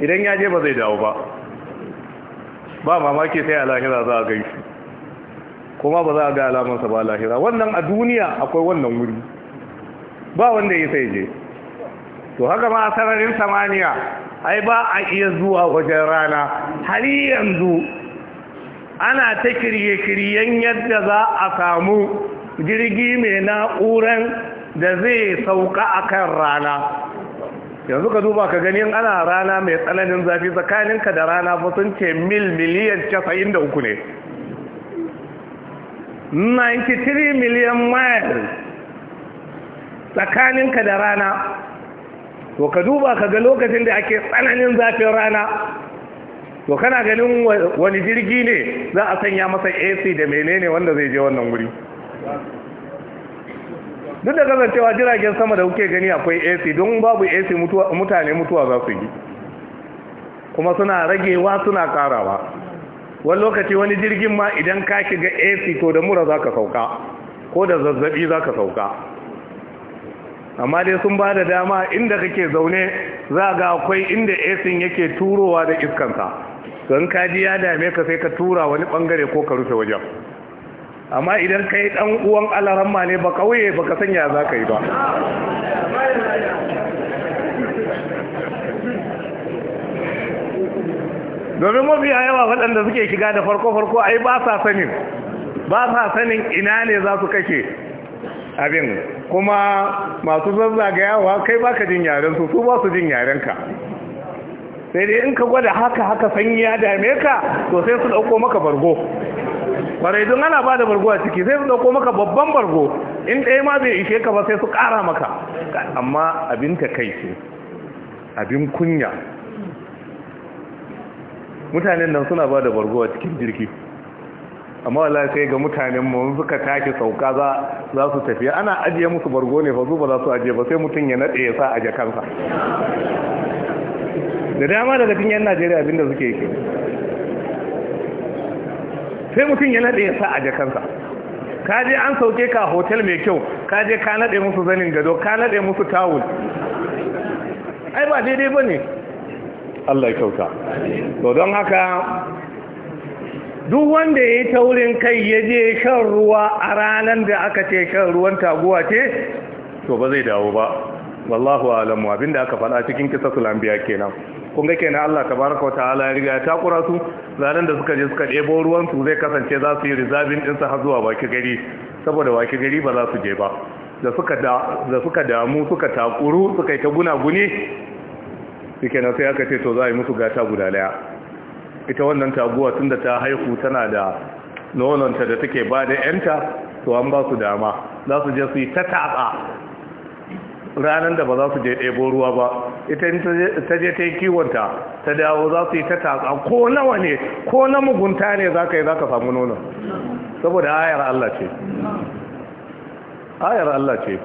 idan ya je ba zai dawo ba ba mamaki sai a lahira za a gaishi kuma ba za a ga alamansa ba lahira wannan a duniya akwai wannan wuri ba wanda ya sai je to haka ma a sararin samaniya ai ba a iya zuwa wajen rana har yanzu ana ta kirye-kiryen yadda za a samu jirgi mai na'uran da zai sauka a kan rana yanzu ka duba ka ganin ana rana mai tsananin zafi tsakaninka da rana ba sun ce mil miliyan da uku ne 93 miliyan mayar tsakaninka da rana to ka duba ka ga lokacin da ake tsananin zafin rana to kana ganin wani jirgi ne za a sanya masa ac da menene wanda zai je wannan wuri duk da kasancewa jiragen sama da kuke gani akwai ac don babu ac mutane mutuwa za su yi kuma suna ragewa suna karawa wani lokaci wani jirgin ma idan ka shiga ac to da mura za ka sauka ko da zazzabi za ka sauka amma dai sun ba da dama inda kake zaune za ga akwai inda esin yake turowa da iskansa don kaji ya dame ka sai ka tura wani bangare ko ka rufe wajen amma idan ka yi dan uwan alaramma ne ba kauye ba ka sanya za ka yi ba domin a yawa waɗanda suke shiga da farko-farko ai ba sa sanin ba sa sanin ina ne za su kake abin kuma masu yawa kai ba ka jin yaren su su ba su jin yaren ka sai dai in ka gwada haka haka sanyi ya dame ka to sai su dauko maka bargo bare ana ba da bargo a ciki sai su dauko maka babban bargo in dai ma zai ishe ka ba sai su kara maka amma abin ta kai ce abin kunya mutanen nan suna ba da bargo a cikin jirgi amma wala sai ga mutanen mu suka tashi sauka za za su tafi ana ajiye musu bargo ne fa zuba za su ajiye ba sai mutum ya nade ya sa a jakansa da dama daga cikin yan Najeriya abinda suke yake sai mutum ya nade ya sa a jakansa ka je an sauke ka hotel mai kyau ka je ka nade musu zanin gado ka nade musu tawul ai ba daidai bane Allah ya kyauta to don haka duk wanda ya yi taurin kai ya je shan ruwa a ranar da aka ce shan ruwan taguwa ce to ba zai dawo ba wallahu alamu abinda aka faɗa cikin kisa sulambiya kenan kun ga kenan Allah tabaraka wa ta'ala ya riga ya takura su zanen da suka je suka ɗebo ruwan su zai kasance za su yi rizabin ɗinsa har zuwa baki gari saboda baki gari ba za su je ba da suka da suka damu suka takuru suka yi ta gunaguni shikenan sai aka ce to za a yi musu gata guda daya ita wannan taguwa tun da ta haihu tana da nononta da take ba da yanta to an ba su dama za su je su yi ta taɓa ranar da ba za su je ɗebo ruwa ba ita ta je ta yi kiwonta ta dawo za su yi ta taɓa ko nawa ne ko na mugunta ne za ka yi za ka samu nonon saboda ayar Allah ce ayar Allah ce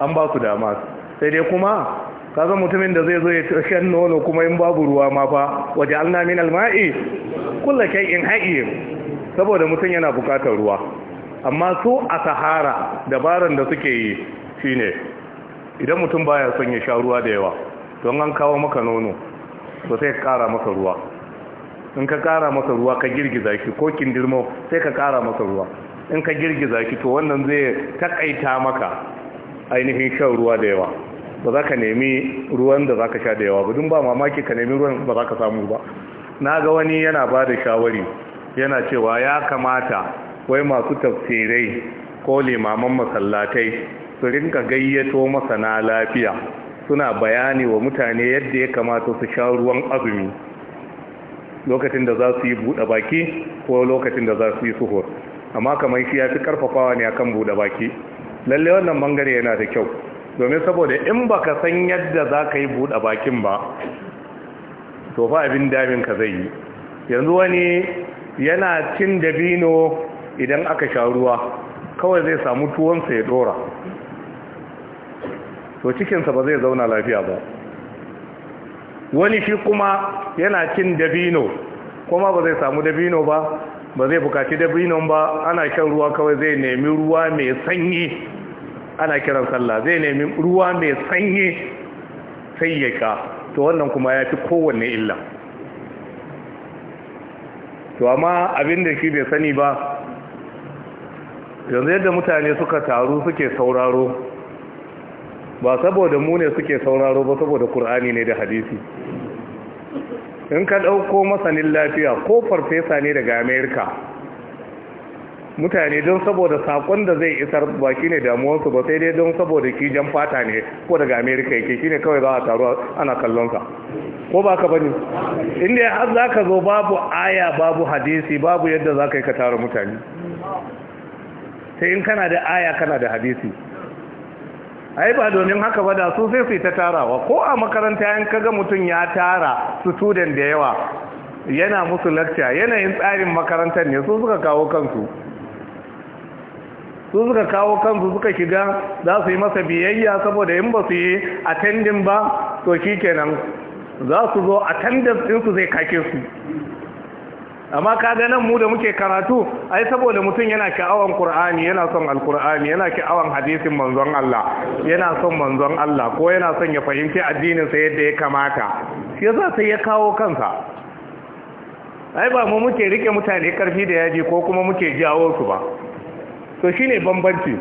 an ba su dama sai dai kuma kaga mutumin da zai zo ya shan nono kuma in babu ruwa ma fa waje alna min alma'i kullu shay'in ha'iye. saboda mutum yana bukatar ruwa amma su a sahara dabaran da suke yi shine idan mutum baya son ya sha ruwa da yawa don an kawo maka nono to sai ka kara maka ruwa in ka kara masa ruwa ka girgiza shi ko kindirmo sai ka kara masa ruwa in ka girgiza shi to wannan zai takaita maka ainihin shan ruwa da yawa ba za ka nemi ruwan da za ka sha da yawa dun ba mamaki ka nemi ruwan ba za ka samu ba na ga wani yana ba da shawari yana cewa ya kamata wai masu tafsirai ko limaman masallatai su rinka gayyato masana lafiya suna bayani wa mutane yadda ya kamata su sha ruwan azumi lokacin da za su yi buɗe baki ko lokacin da za su yi suhur amma kamar shi ya fi karfafawa ne akan buɗe baki lalle wannan bangare yana da kyau domin saboda in baka san yadda za ka yi buɗe bakin ba to fa abin damin ka zai yi yanzu wani yana cin dabino idan aka sha ruwa kawai zai samu tuwonsa ya dora to cikinsa ba zai zauna lafiya ba wani shi kuma yana cin dabino kuma ba zai samu dabino ba ba zai bukaci dabinon ba ana shan ruwa kawai zai nemi ruwa mai sanyi ana kiran sallah zai nemi ruwa mai sanye sai ya to wannan kuma ya fi kowanne illa to amma abin da shi bai sani ba yanzu yadda mutane suka taru suke sauraro ba saboda mu ne suke sauraro ba saboda Kur'ani ne da hadisi in ka ɗauko masanin lafiya ko farfesa ne daga amerika mutane don saboda sakon da zai isar ba ne damuwarsu ba sai dai don saboda kijan fata ne ko daga amerika yake ne kawai za a taru ana kallon ka? ko ba ka bani inda har za ka zo babu aya babu hadisi babu yadda za ka yi ka tara mutane sai in kana da aya kana da hadisi ai ba domin haka ba da su sai su ta tarawa ko a makaranta yan kaga mutum ya tara student da yawa yana musu lecture yanayin tsarin makarantar ne su suka kawo kansu su suka kawo kansu suka shiga za su yi masa biyayya saboda in ba su yi attending ba to shi kenan za su zo attendance ɗinsu zai kake su amma kaga nan mu da muke karatu ai saboda mutum yana sha'awan Kur'ani, yana son Al-Qur'ani yana sha'awan hadisin manzon Allah yana son manzon Allah ko yana son ya fahimci addinin sa yadda ya kamata shi yasa sai ya kawo kansa ai ba mu muke rike mutane karfi da yaji ko kuma muke jawo su ba to shi ne bambanci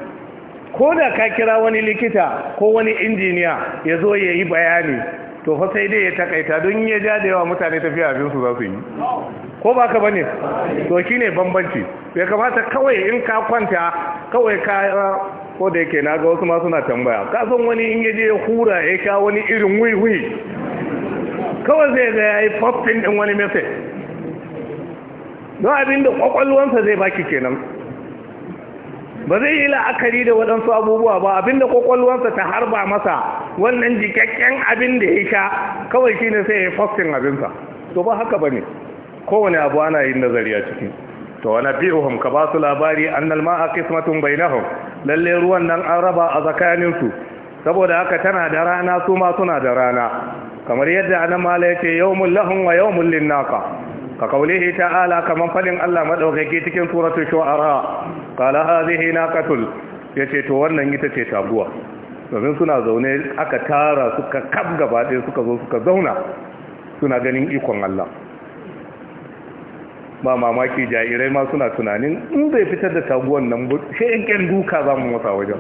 ko da ka kira wani likita ko wani injiniya ya zo ya yi bayani to fa sai dai ya takaita don ya ja da yawa mutane tafiya abin su za su yi ko ba ka bane to shi ne bambanci ya kamata kawai in ka kwanta kawai ka ko da yake na ga wasu ma suna tambaya ka san wani in yaje ya hura ya sha wani irin wuiwui kawai zai ga ya yi fafin din wani message don abin da kwakwalwansa zai baki kenan ba zai yi la'akari da waɗansu abubuwa ba abinda kwakwalwansa ta harba masa wannan jikakken abin da ya sha kawai shine sai ya fastin abinsa to ba haka ba ne kowane abu ana yin nazari a ciki to wani bi'uhum ka ba su labari annal kismatin bai bainahum lalle ruwan nan an raba a tsakaninsu saboda haka tana da rana su ma suna da rana kamar yadda anan mala yake yawmul lahum wa yawmul linnaka ka kaulihi ta'ala kaman fadin Allah madaukake cikin suratul shu'ara qala hadhihi naqatul yace to wannan ita ce taguwa domin suna zaune aka tara suka kaf gaba ɗaya suka zo suka zauna suna ganin ikon Allah ba mamaki jairai ma suna tunanin in bai fitar da taguwan nan sai kan duka za mu masa wajen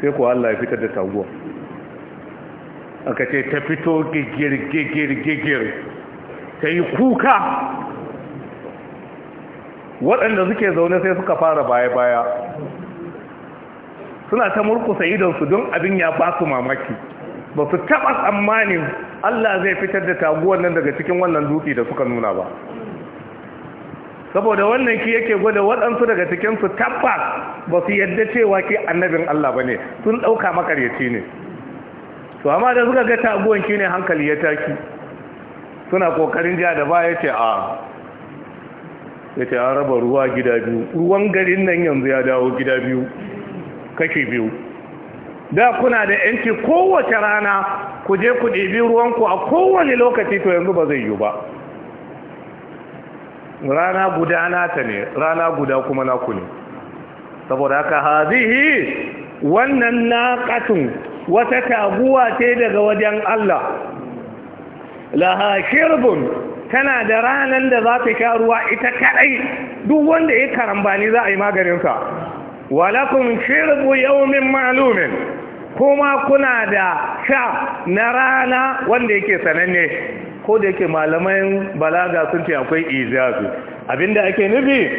sai kuwa Allah ya fitar da taguwa aka ce ta fito gigir gigir gigir ta yi kuka waɗanda suke zaune sai suka fara baya-baya suna ta murkusa idonsu don abin ya ba su mamaki ba su taɓa tsammanin Allah zai fitar da taguwan nan daga cikin wannan dutse da suka nuna ba saboda wannan ki yake gwada waɗansu daga cikinsu tabbas ba su yadda cewa ke annabin Allah ba ne sun ɗauka makaryaci ne to amma da suka ga taguwan ki ne hankali ya taki suna kokarin jiya da ba ya ce a ah. ya ce an raba ruwa gida biyu ruwan garin nan yanzu ya dawo gida biyu kashe biyu da kuna da yanci kowace rana ku je ku ɗibi ruwanku a kowane lokaci to yanzu ba zai yi ba rana guda nata ne rana guda kuma naku ne saboda haka hazihi wannan naƙatun wata taguwa ce daga wajen Allah laha shirbun tana da ranar da za ta sha ruwa ita kadai duk wanda ya karambani za a yi maganinsa walakun shirbu yaumin malumin kuma kuna da sha na rana wanda yake sananne ko da yake malaman balaga sun ce akwai ijazu abinda ake nufi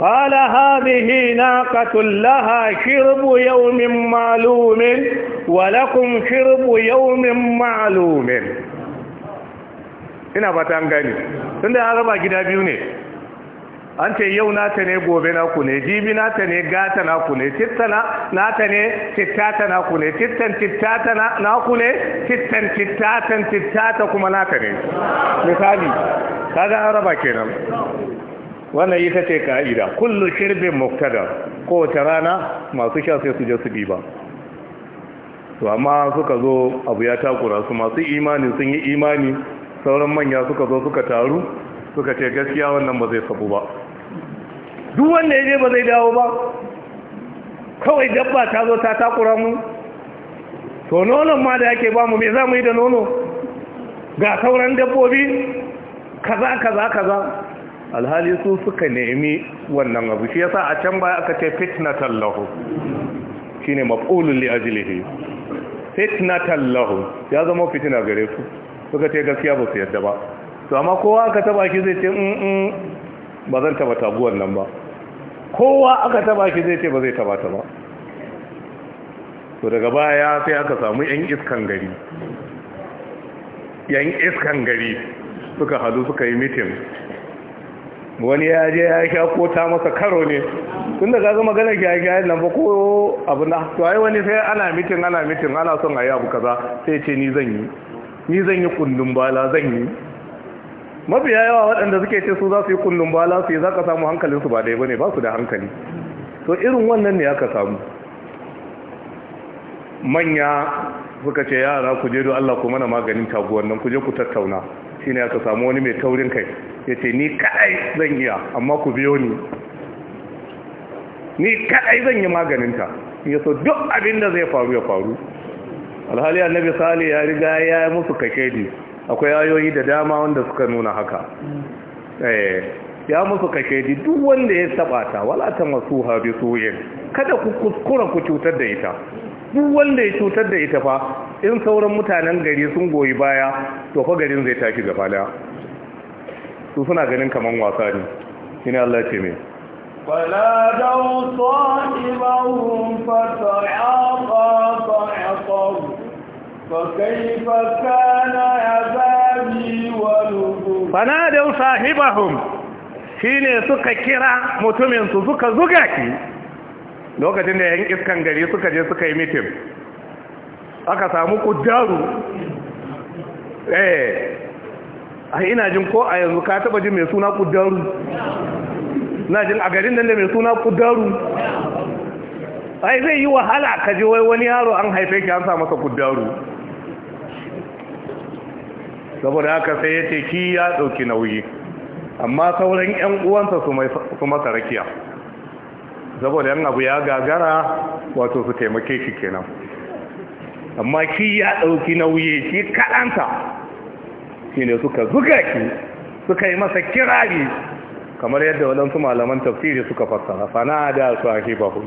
قال هذه na لها شرب يوم معلوم ولكم shirbu يوم malumin. ina ba an gani, tun da an raba gida biyu ne an ce yau nata ne gobe naku ne jibi nata ne gata naku ne na, nata ne na naku ne cittan cittata na naku ne cittan cittatan cittata kuma nata ne misali kaga an raba kenan wannan ita ce ka'ida kullu shirbin muktada kowace rana masu sha sai su je su diba to amma suka zo abu ya takura su masu imani sun yi imani sauran manya suka zo suka taru suka ce gaskiya wannan ba zai sabu ba duk wanda ya je ba zai dawo ba kawai dabba ta zo ta takura mu to nonon ma da yake ba mu me za mu yi da nono ga sauran dabbobi kaza kaza kaza alhali su suka nemi wannan abu shi yasa a can baya aka ce fitnatan lahu shine maf'ulun li ajlihi fitnatan lahu ya zama fitina gare su suka ce gaskiya ba su yadda ba to amma kowa aka taba ki zai ce in mm, mm, ba zan taba taguwan nan ba kowa aka taba ki zai ce ba zai taba ta ba to daga baya sai aka samu yan iskan gari yan iskan gari suka hadu suka yi mitin wani ya je ya sha ko ta masa karo ne tun da kaga magana ki ya yi ba ko abu na to ai wani sai ana mitin ana mitin ana son ayi abu kaza sai ce ni zan yi ni zan yi kundin bala zan yi mafiya yawa waɗanda suke ce su za su yi kundin bala su yi za ka samu hankalinsu ba dai ba ne ba su da hankali to irin wannan ne aka samu manya suka ce yara ku je don Allah ku mana maganin taguwan nan ku je ku tattauna ya aka samu wani mai taurin kai ya ce ni kaɗai zan iya amma ku biyo ni ni kaɗai zan yi maganinta ya so duk abin da zai faru ya faru alhali annabi sali ya riga ya musu kakedi akwai ayoyi da dama wanda suka nuna haka eh, ya musu kakedi duk wanda ya taba ta wala ta masuha bi suyin kada ku kuskura ku cutar da ita duk wanda ya cutar da ita fa in sauran mutanen gari sun goyi baya to fa garin zai tashi gaba daya su suna ganin kamar wasa ne shine Allah ya ce mai فنادوا صاحبهم فتعاطى فعصر فكيف كان عذابي ونذر فنادوا صاحبهم shine suka kira mutumin su suka zuga ki lokacin da yan iskan gari suka je suka yi mitin aka samu kudaru eh ai ina jin ko a yanzu ka taba jin mai suna kudaru na jin a garin nan da mai suna kudaru ai zai yi wahala ka je wai wani yaro an haife ki an sa masa kudaru saboda haka sai ya ce ki ya ɗauki nauyi amma sauran 'yan uwansa su masa rakiya saboda yan abu ya gagara wato su taimake shi kenan amma ki ya ɗauki nauyi shi kadanta shi suka zuga ki suka yi masa kirari kamar yadda waɗansu malaman tafsiri suka fassara fana da su ake bahu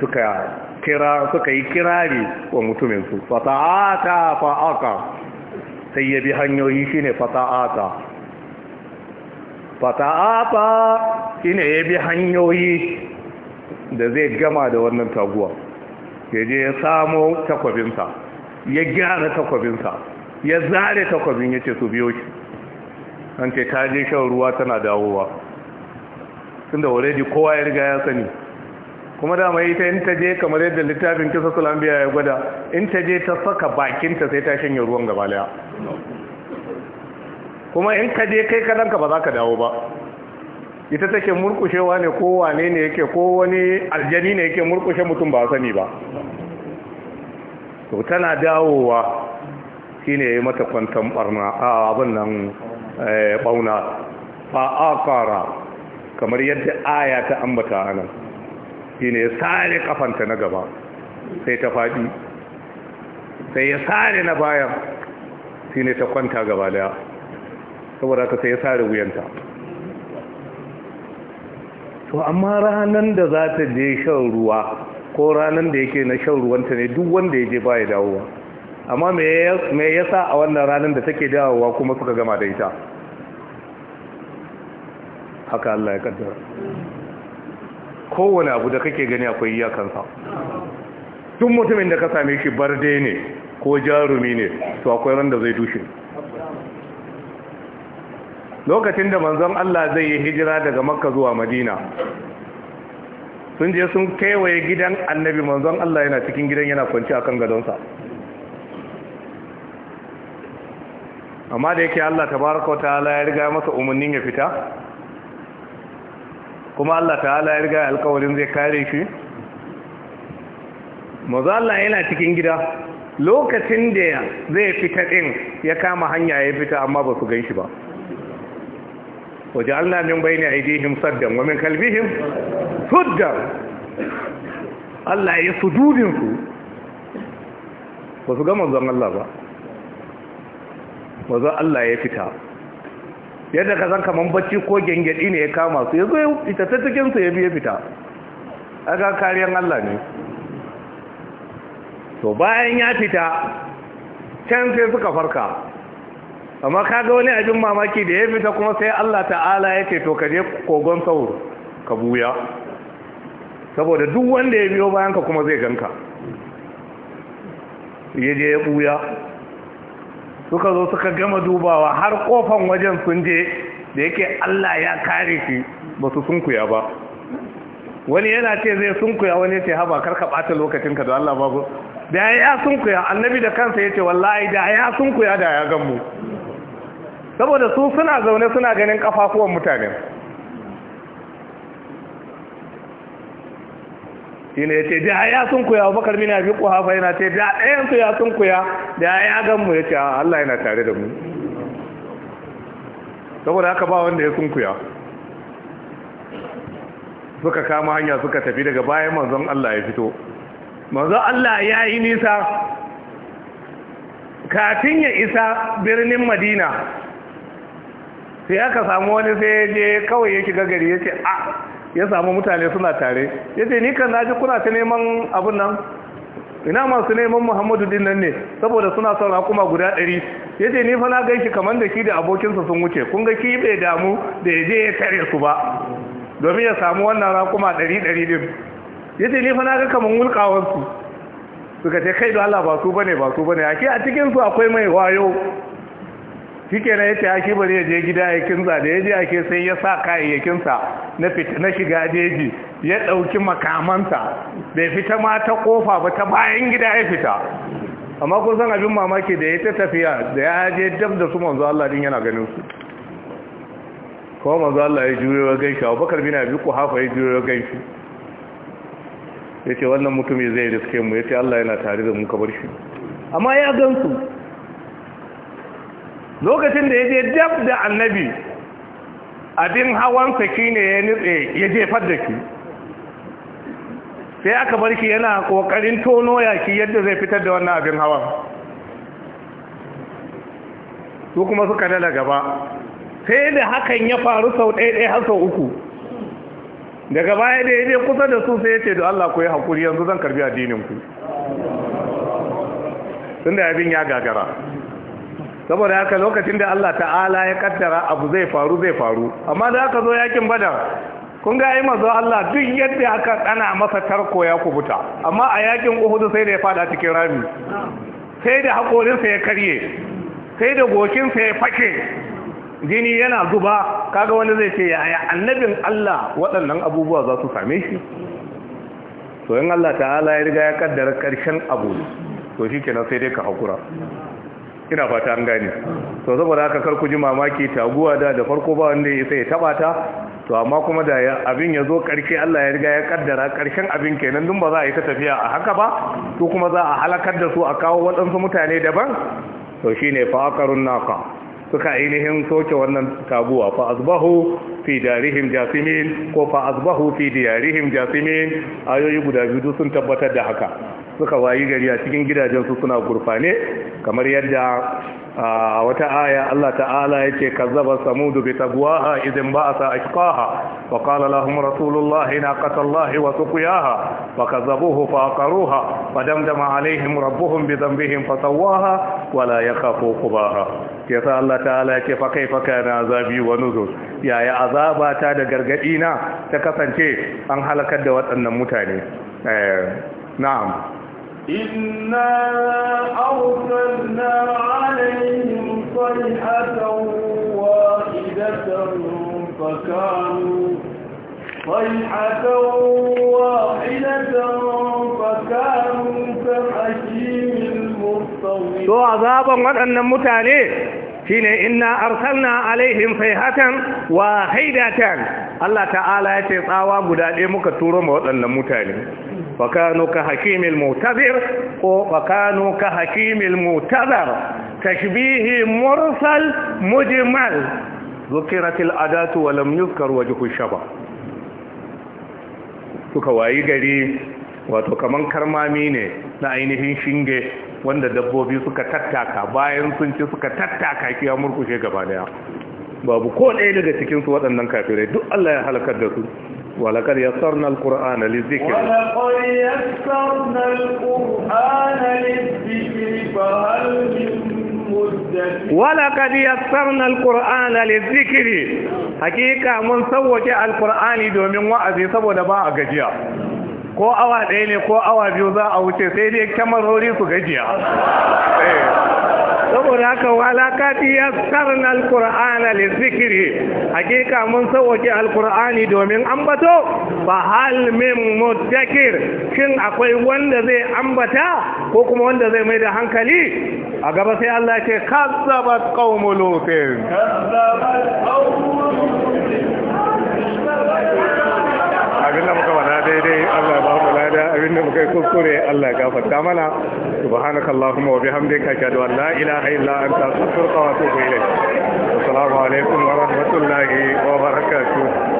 suka kira suka yi kirari wa mutuminsu. su fata'ata fa'aka sai ya bi hanyoyi shine fata'ata fata'ata shine ya bi hanyoyi da zai gama da wannan taguwa yaje ya samo takwabinsa ya gyara takwabinsa ya zare takwabin ce su biyo shi an ce ta je shan ruwa tana dawowa tunda already kowa ya riga ya sani kuma dama ita in ta je kamar yadda littafin kisa columbia ya gwada in ta je ta saka bakinta sai ta shanye ruwan laya kuma in ka je kai kadanka ba za ka dawo ba ita take murkushewa ne ko wane ne yake ko wani aljani ne yake murkushe mutum ba sani ba to tana dawowa shine yayi mata kwantan barna a abin nan Eh, bauna fa'akara kamar yadda aya ta ambata anan shine ya sare kafanta na gaba sai ta faɗi sai ya sare na bayan shine ta kwanta gaba daya saboda ka sai ya sare wuyanta to amma ranan da za ta je shan ruwa ko ranan da yake na shan ruwanta ne duk wanda ya je baya dawowa amma me yasa a wannan ranar da take dawowa kuma suka gama da ita haka Allah ya kaddara kowane abu da kake gani akwai iyakansa Tun mutumin da ka same shi barde ne ko jarumi ne to akwai ran zai dushe lokacin da manzon Allah zai yi hijira daga makka zuwa madina sun je sun kewaye gidan annabi manzon Allah yana cikin gidan yana kwanci akan gadonsa amma da yake Allah tabaraka ta'ala ya riga masa umarnin ya fita kuma Allah ta'ala ya riga alƙawarin zai kare shi maza Allah yana cikin gida lokacin da zai fita din ya kama hanya ya fita amma ba su gan shi ba ne a بين أيديهم wa min kalbihim سدا Allah ya sujudinsu ba su gama zan Allah ba mazu Allah ya fita yadda ka zanka kamar bacci ko gengedi ne ya kama su ya zo ya fita ta cikinsu ya biya fita aka kariyan Allah ne to bayan ya fita can sai suka farka amma kaga wani abin mamaki da ya fita kuma sai Allah ta'ala ya ce to ka je kogon sauro ka buya saboda duk wanda ya biyo bayanka kuma zai ganka yaje ya buya suka zo suka gama dubawa har kofan wajen sun je da yake Allah ya kare shi ba su sunkuya ba wani yana ce zai sunkuya wani ce haba karka bata lokacinka da Allah babu da ya sunkuya annabi da kansa ya ce wallahi da ya sunkuya da ya gamu saboda su suna zaune suna ganin kafafuwan mutane shi ne ya ce da ya sun kuya bakar mina fi kuwa fa yana ce da su ya sun kuya da ya gan mu ya ce Allah yana tare da mu saboda haka ba wanda ya sun kuya suka kama hanya suka tafi daga bayan manzon Allah ya fito manzon Allah ya yi nisa kafin ya isa birnin madina sai aka samu wani sai ya je kawai ya shiga gari ya ce a ya samu mutane suna tare ya ce ni na ji kuna ta neman abin nan ina masu neman muhammadu din nan ne saboda suna son rakuma guda ɗari ya ce ni fa na kamar da shi da abokinsa sun wuce kun ga ki damu da ya je ya kare su ba domin ya samu wannan rakuma ɗari ɗari din ya ce ni fa na ga kamar wulƙawarsu suka ce kai da Allah ba su bane ba su bane ake a cikinsu akwai mai wayo shi na ya ce a bari ya je gida ya kinsa da ya je ake sai ya sa kayayyakinsa na fita na shiga jeji ya ɗauki makamansa bai fita ma ta kofa ba ta bayan gida ya fita amma kun san abin mamaki da ya ta tafiya da ya je dab da su manzo Allah din yana ganin su kuma manzo Allah ya juyo ya gaishe Abu Bakar bin Abi Quhafa ya juyo ya gaishe yace wannan mutumi zai riske mu yace Allah yana tare da mu kabar shi amma ya gansu lokacin da ya je dab da annabi abin hawan ki ne ya nitse ya jefar da ki sai aka barki yana kokarin tono yaki yadda zai fitar da wannan abin hawan su kuma suka dala gaba sai da hakan ya faru sau ɗaya har sau uku daga baya da ya je kusa da su sai ya ce da Allah ku yi haƙuri yanzu zan karbi addinin ku. da abin ya gagara saboda haka lokacin da Allah ta'ala ya kaddara abu zai faru zai faru amma da aka zo yakin badar kun ga ai mazo Allah duk yadda aka tsana masa tarko ya kubuta amma a yakin Uhudu sai da ya fada cikin rami sai da hakorinsa ya karye sai da gokinsa ya fake jini yana zuba kaga wani zai ce yaya annabin Allah waɗannan abubuwa za su same shi to in Allah ta'ala ya riga ya kaddara karshen abu to kenan sai dai ka hakura ina fata an gane to saboda haka kar ku ji mamaki taguwa da da farko ba wanda ya sai taba ta to amma kuma da abin ya zo karshe Allah ya riga ya kaddara karshen abin kenan dun ba za a yi ta tafiya a haka ba to kuma za a halakar da su a kawo waɗansu mutane daban to shine fa'akarun naqa suka ainihin soke wannan taguwa fa asbahu fi darihim jasimin ko fa asbahu fi diyarihim jasimin ayoyi guda biyu sun tabbatar da haka suka wayi gari a cikin gidajen su suna gurfane kamar yadda a wata aya Allah ta'ala yake kazzaba samudu bi tagwaha idin sa ashqaha wa qala lahum rasulullahi naqatallahi wa suqiyaha wa kazzabuhu fa aqaruha wa alaihim rabbuhum bi dhanbihim fa sawaha wa la yakhafu qubaha yasa Allah ta'ala yake fa kaifa kana azabi wa nuzur yaya azaba ta da gargadi na ta kasance an halakar da waɗannan mutane eh na'am إنا أرسلنا عليهم صيحة واحدة فكانوا صيحة واحدة فكانوا كحكيم المرسلين تو عذابا waɗannan mutane shine inna arsalna alaihim sayhatan wa haidatan Allah ta'ala ya ce tsawa guda ɗaya muka turo ma waɗannan mutane fakanu ka hakimil mutazir ko fakanu ka hakimil mutazar tashbihi mursal mujmal ذكرت الأداة ولم يذكر وجه الشبه suka wayi gari wato kaman karmami ne na ainihin shinge wanda dabbobi suka tattaka bayan sun ci suka tattaka kiya ya murkushe gaba daya babu ko ɗaya daga cikinsu waɗannan kafirai duk Allah ya halakar da su ولقد يسرنا القرآن للذكر ولقد يسرنا القرآن للذكر فهل من ولقد يسرنا القرآن للذكر حقيقة من سوّج القرآن دومين وعزي سبو دباء قجيا ko awa ɗaya ne ko awa biyu za a wuce sai dai kyamarori su gajiya eh. saboda haka walakati ya tsarin alkur'ana le zikiri hakika mun sauwake alkur'ani domin ambato ba hal min muddakir shin akwai wanda zai ambata ko kuma wanda zai mai da hankali a gaba sai Allah ce kazzabat qaumul kazzabat abin da muka wada daidai Allah ba mu lada abin da muka yi kuskure Allah ya gafarta mana subhanakallahumma wa bihamdika ashhadu an la ilaha illa anta astaghfiruka wa atubu ilayk assalamu alaikum wa rahmatullahi wa barakatuh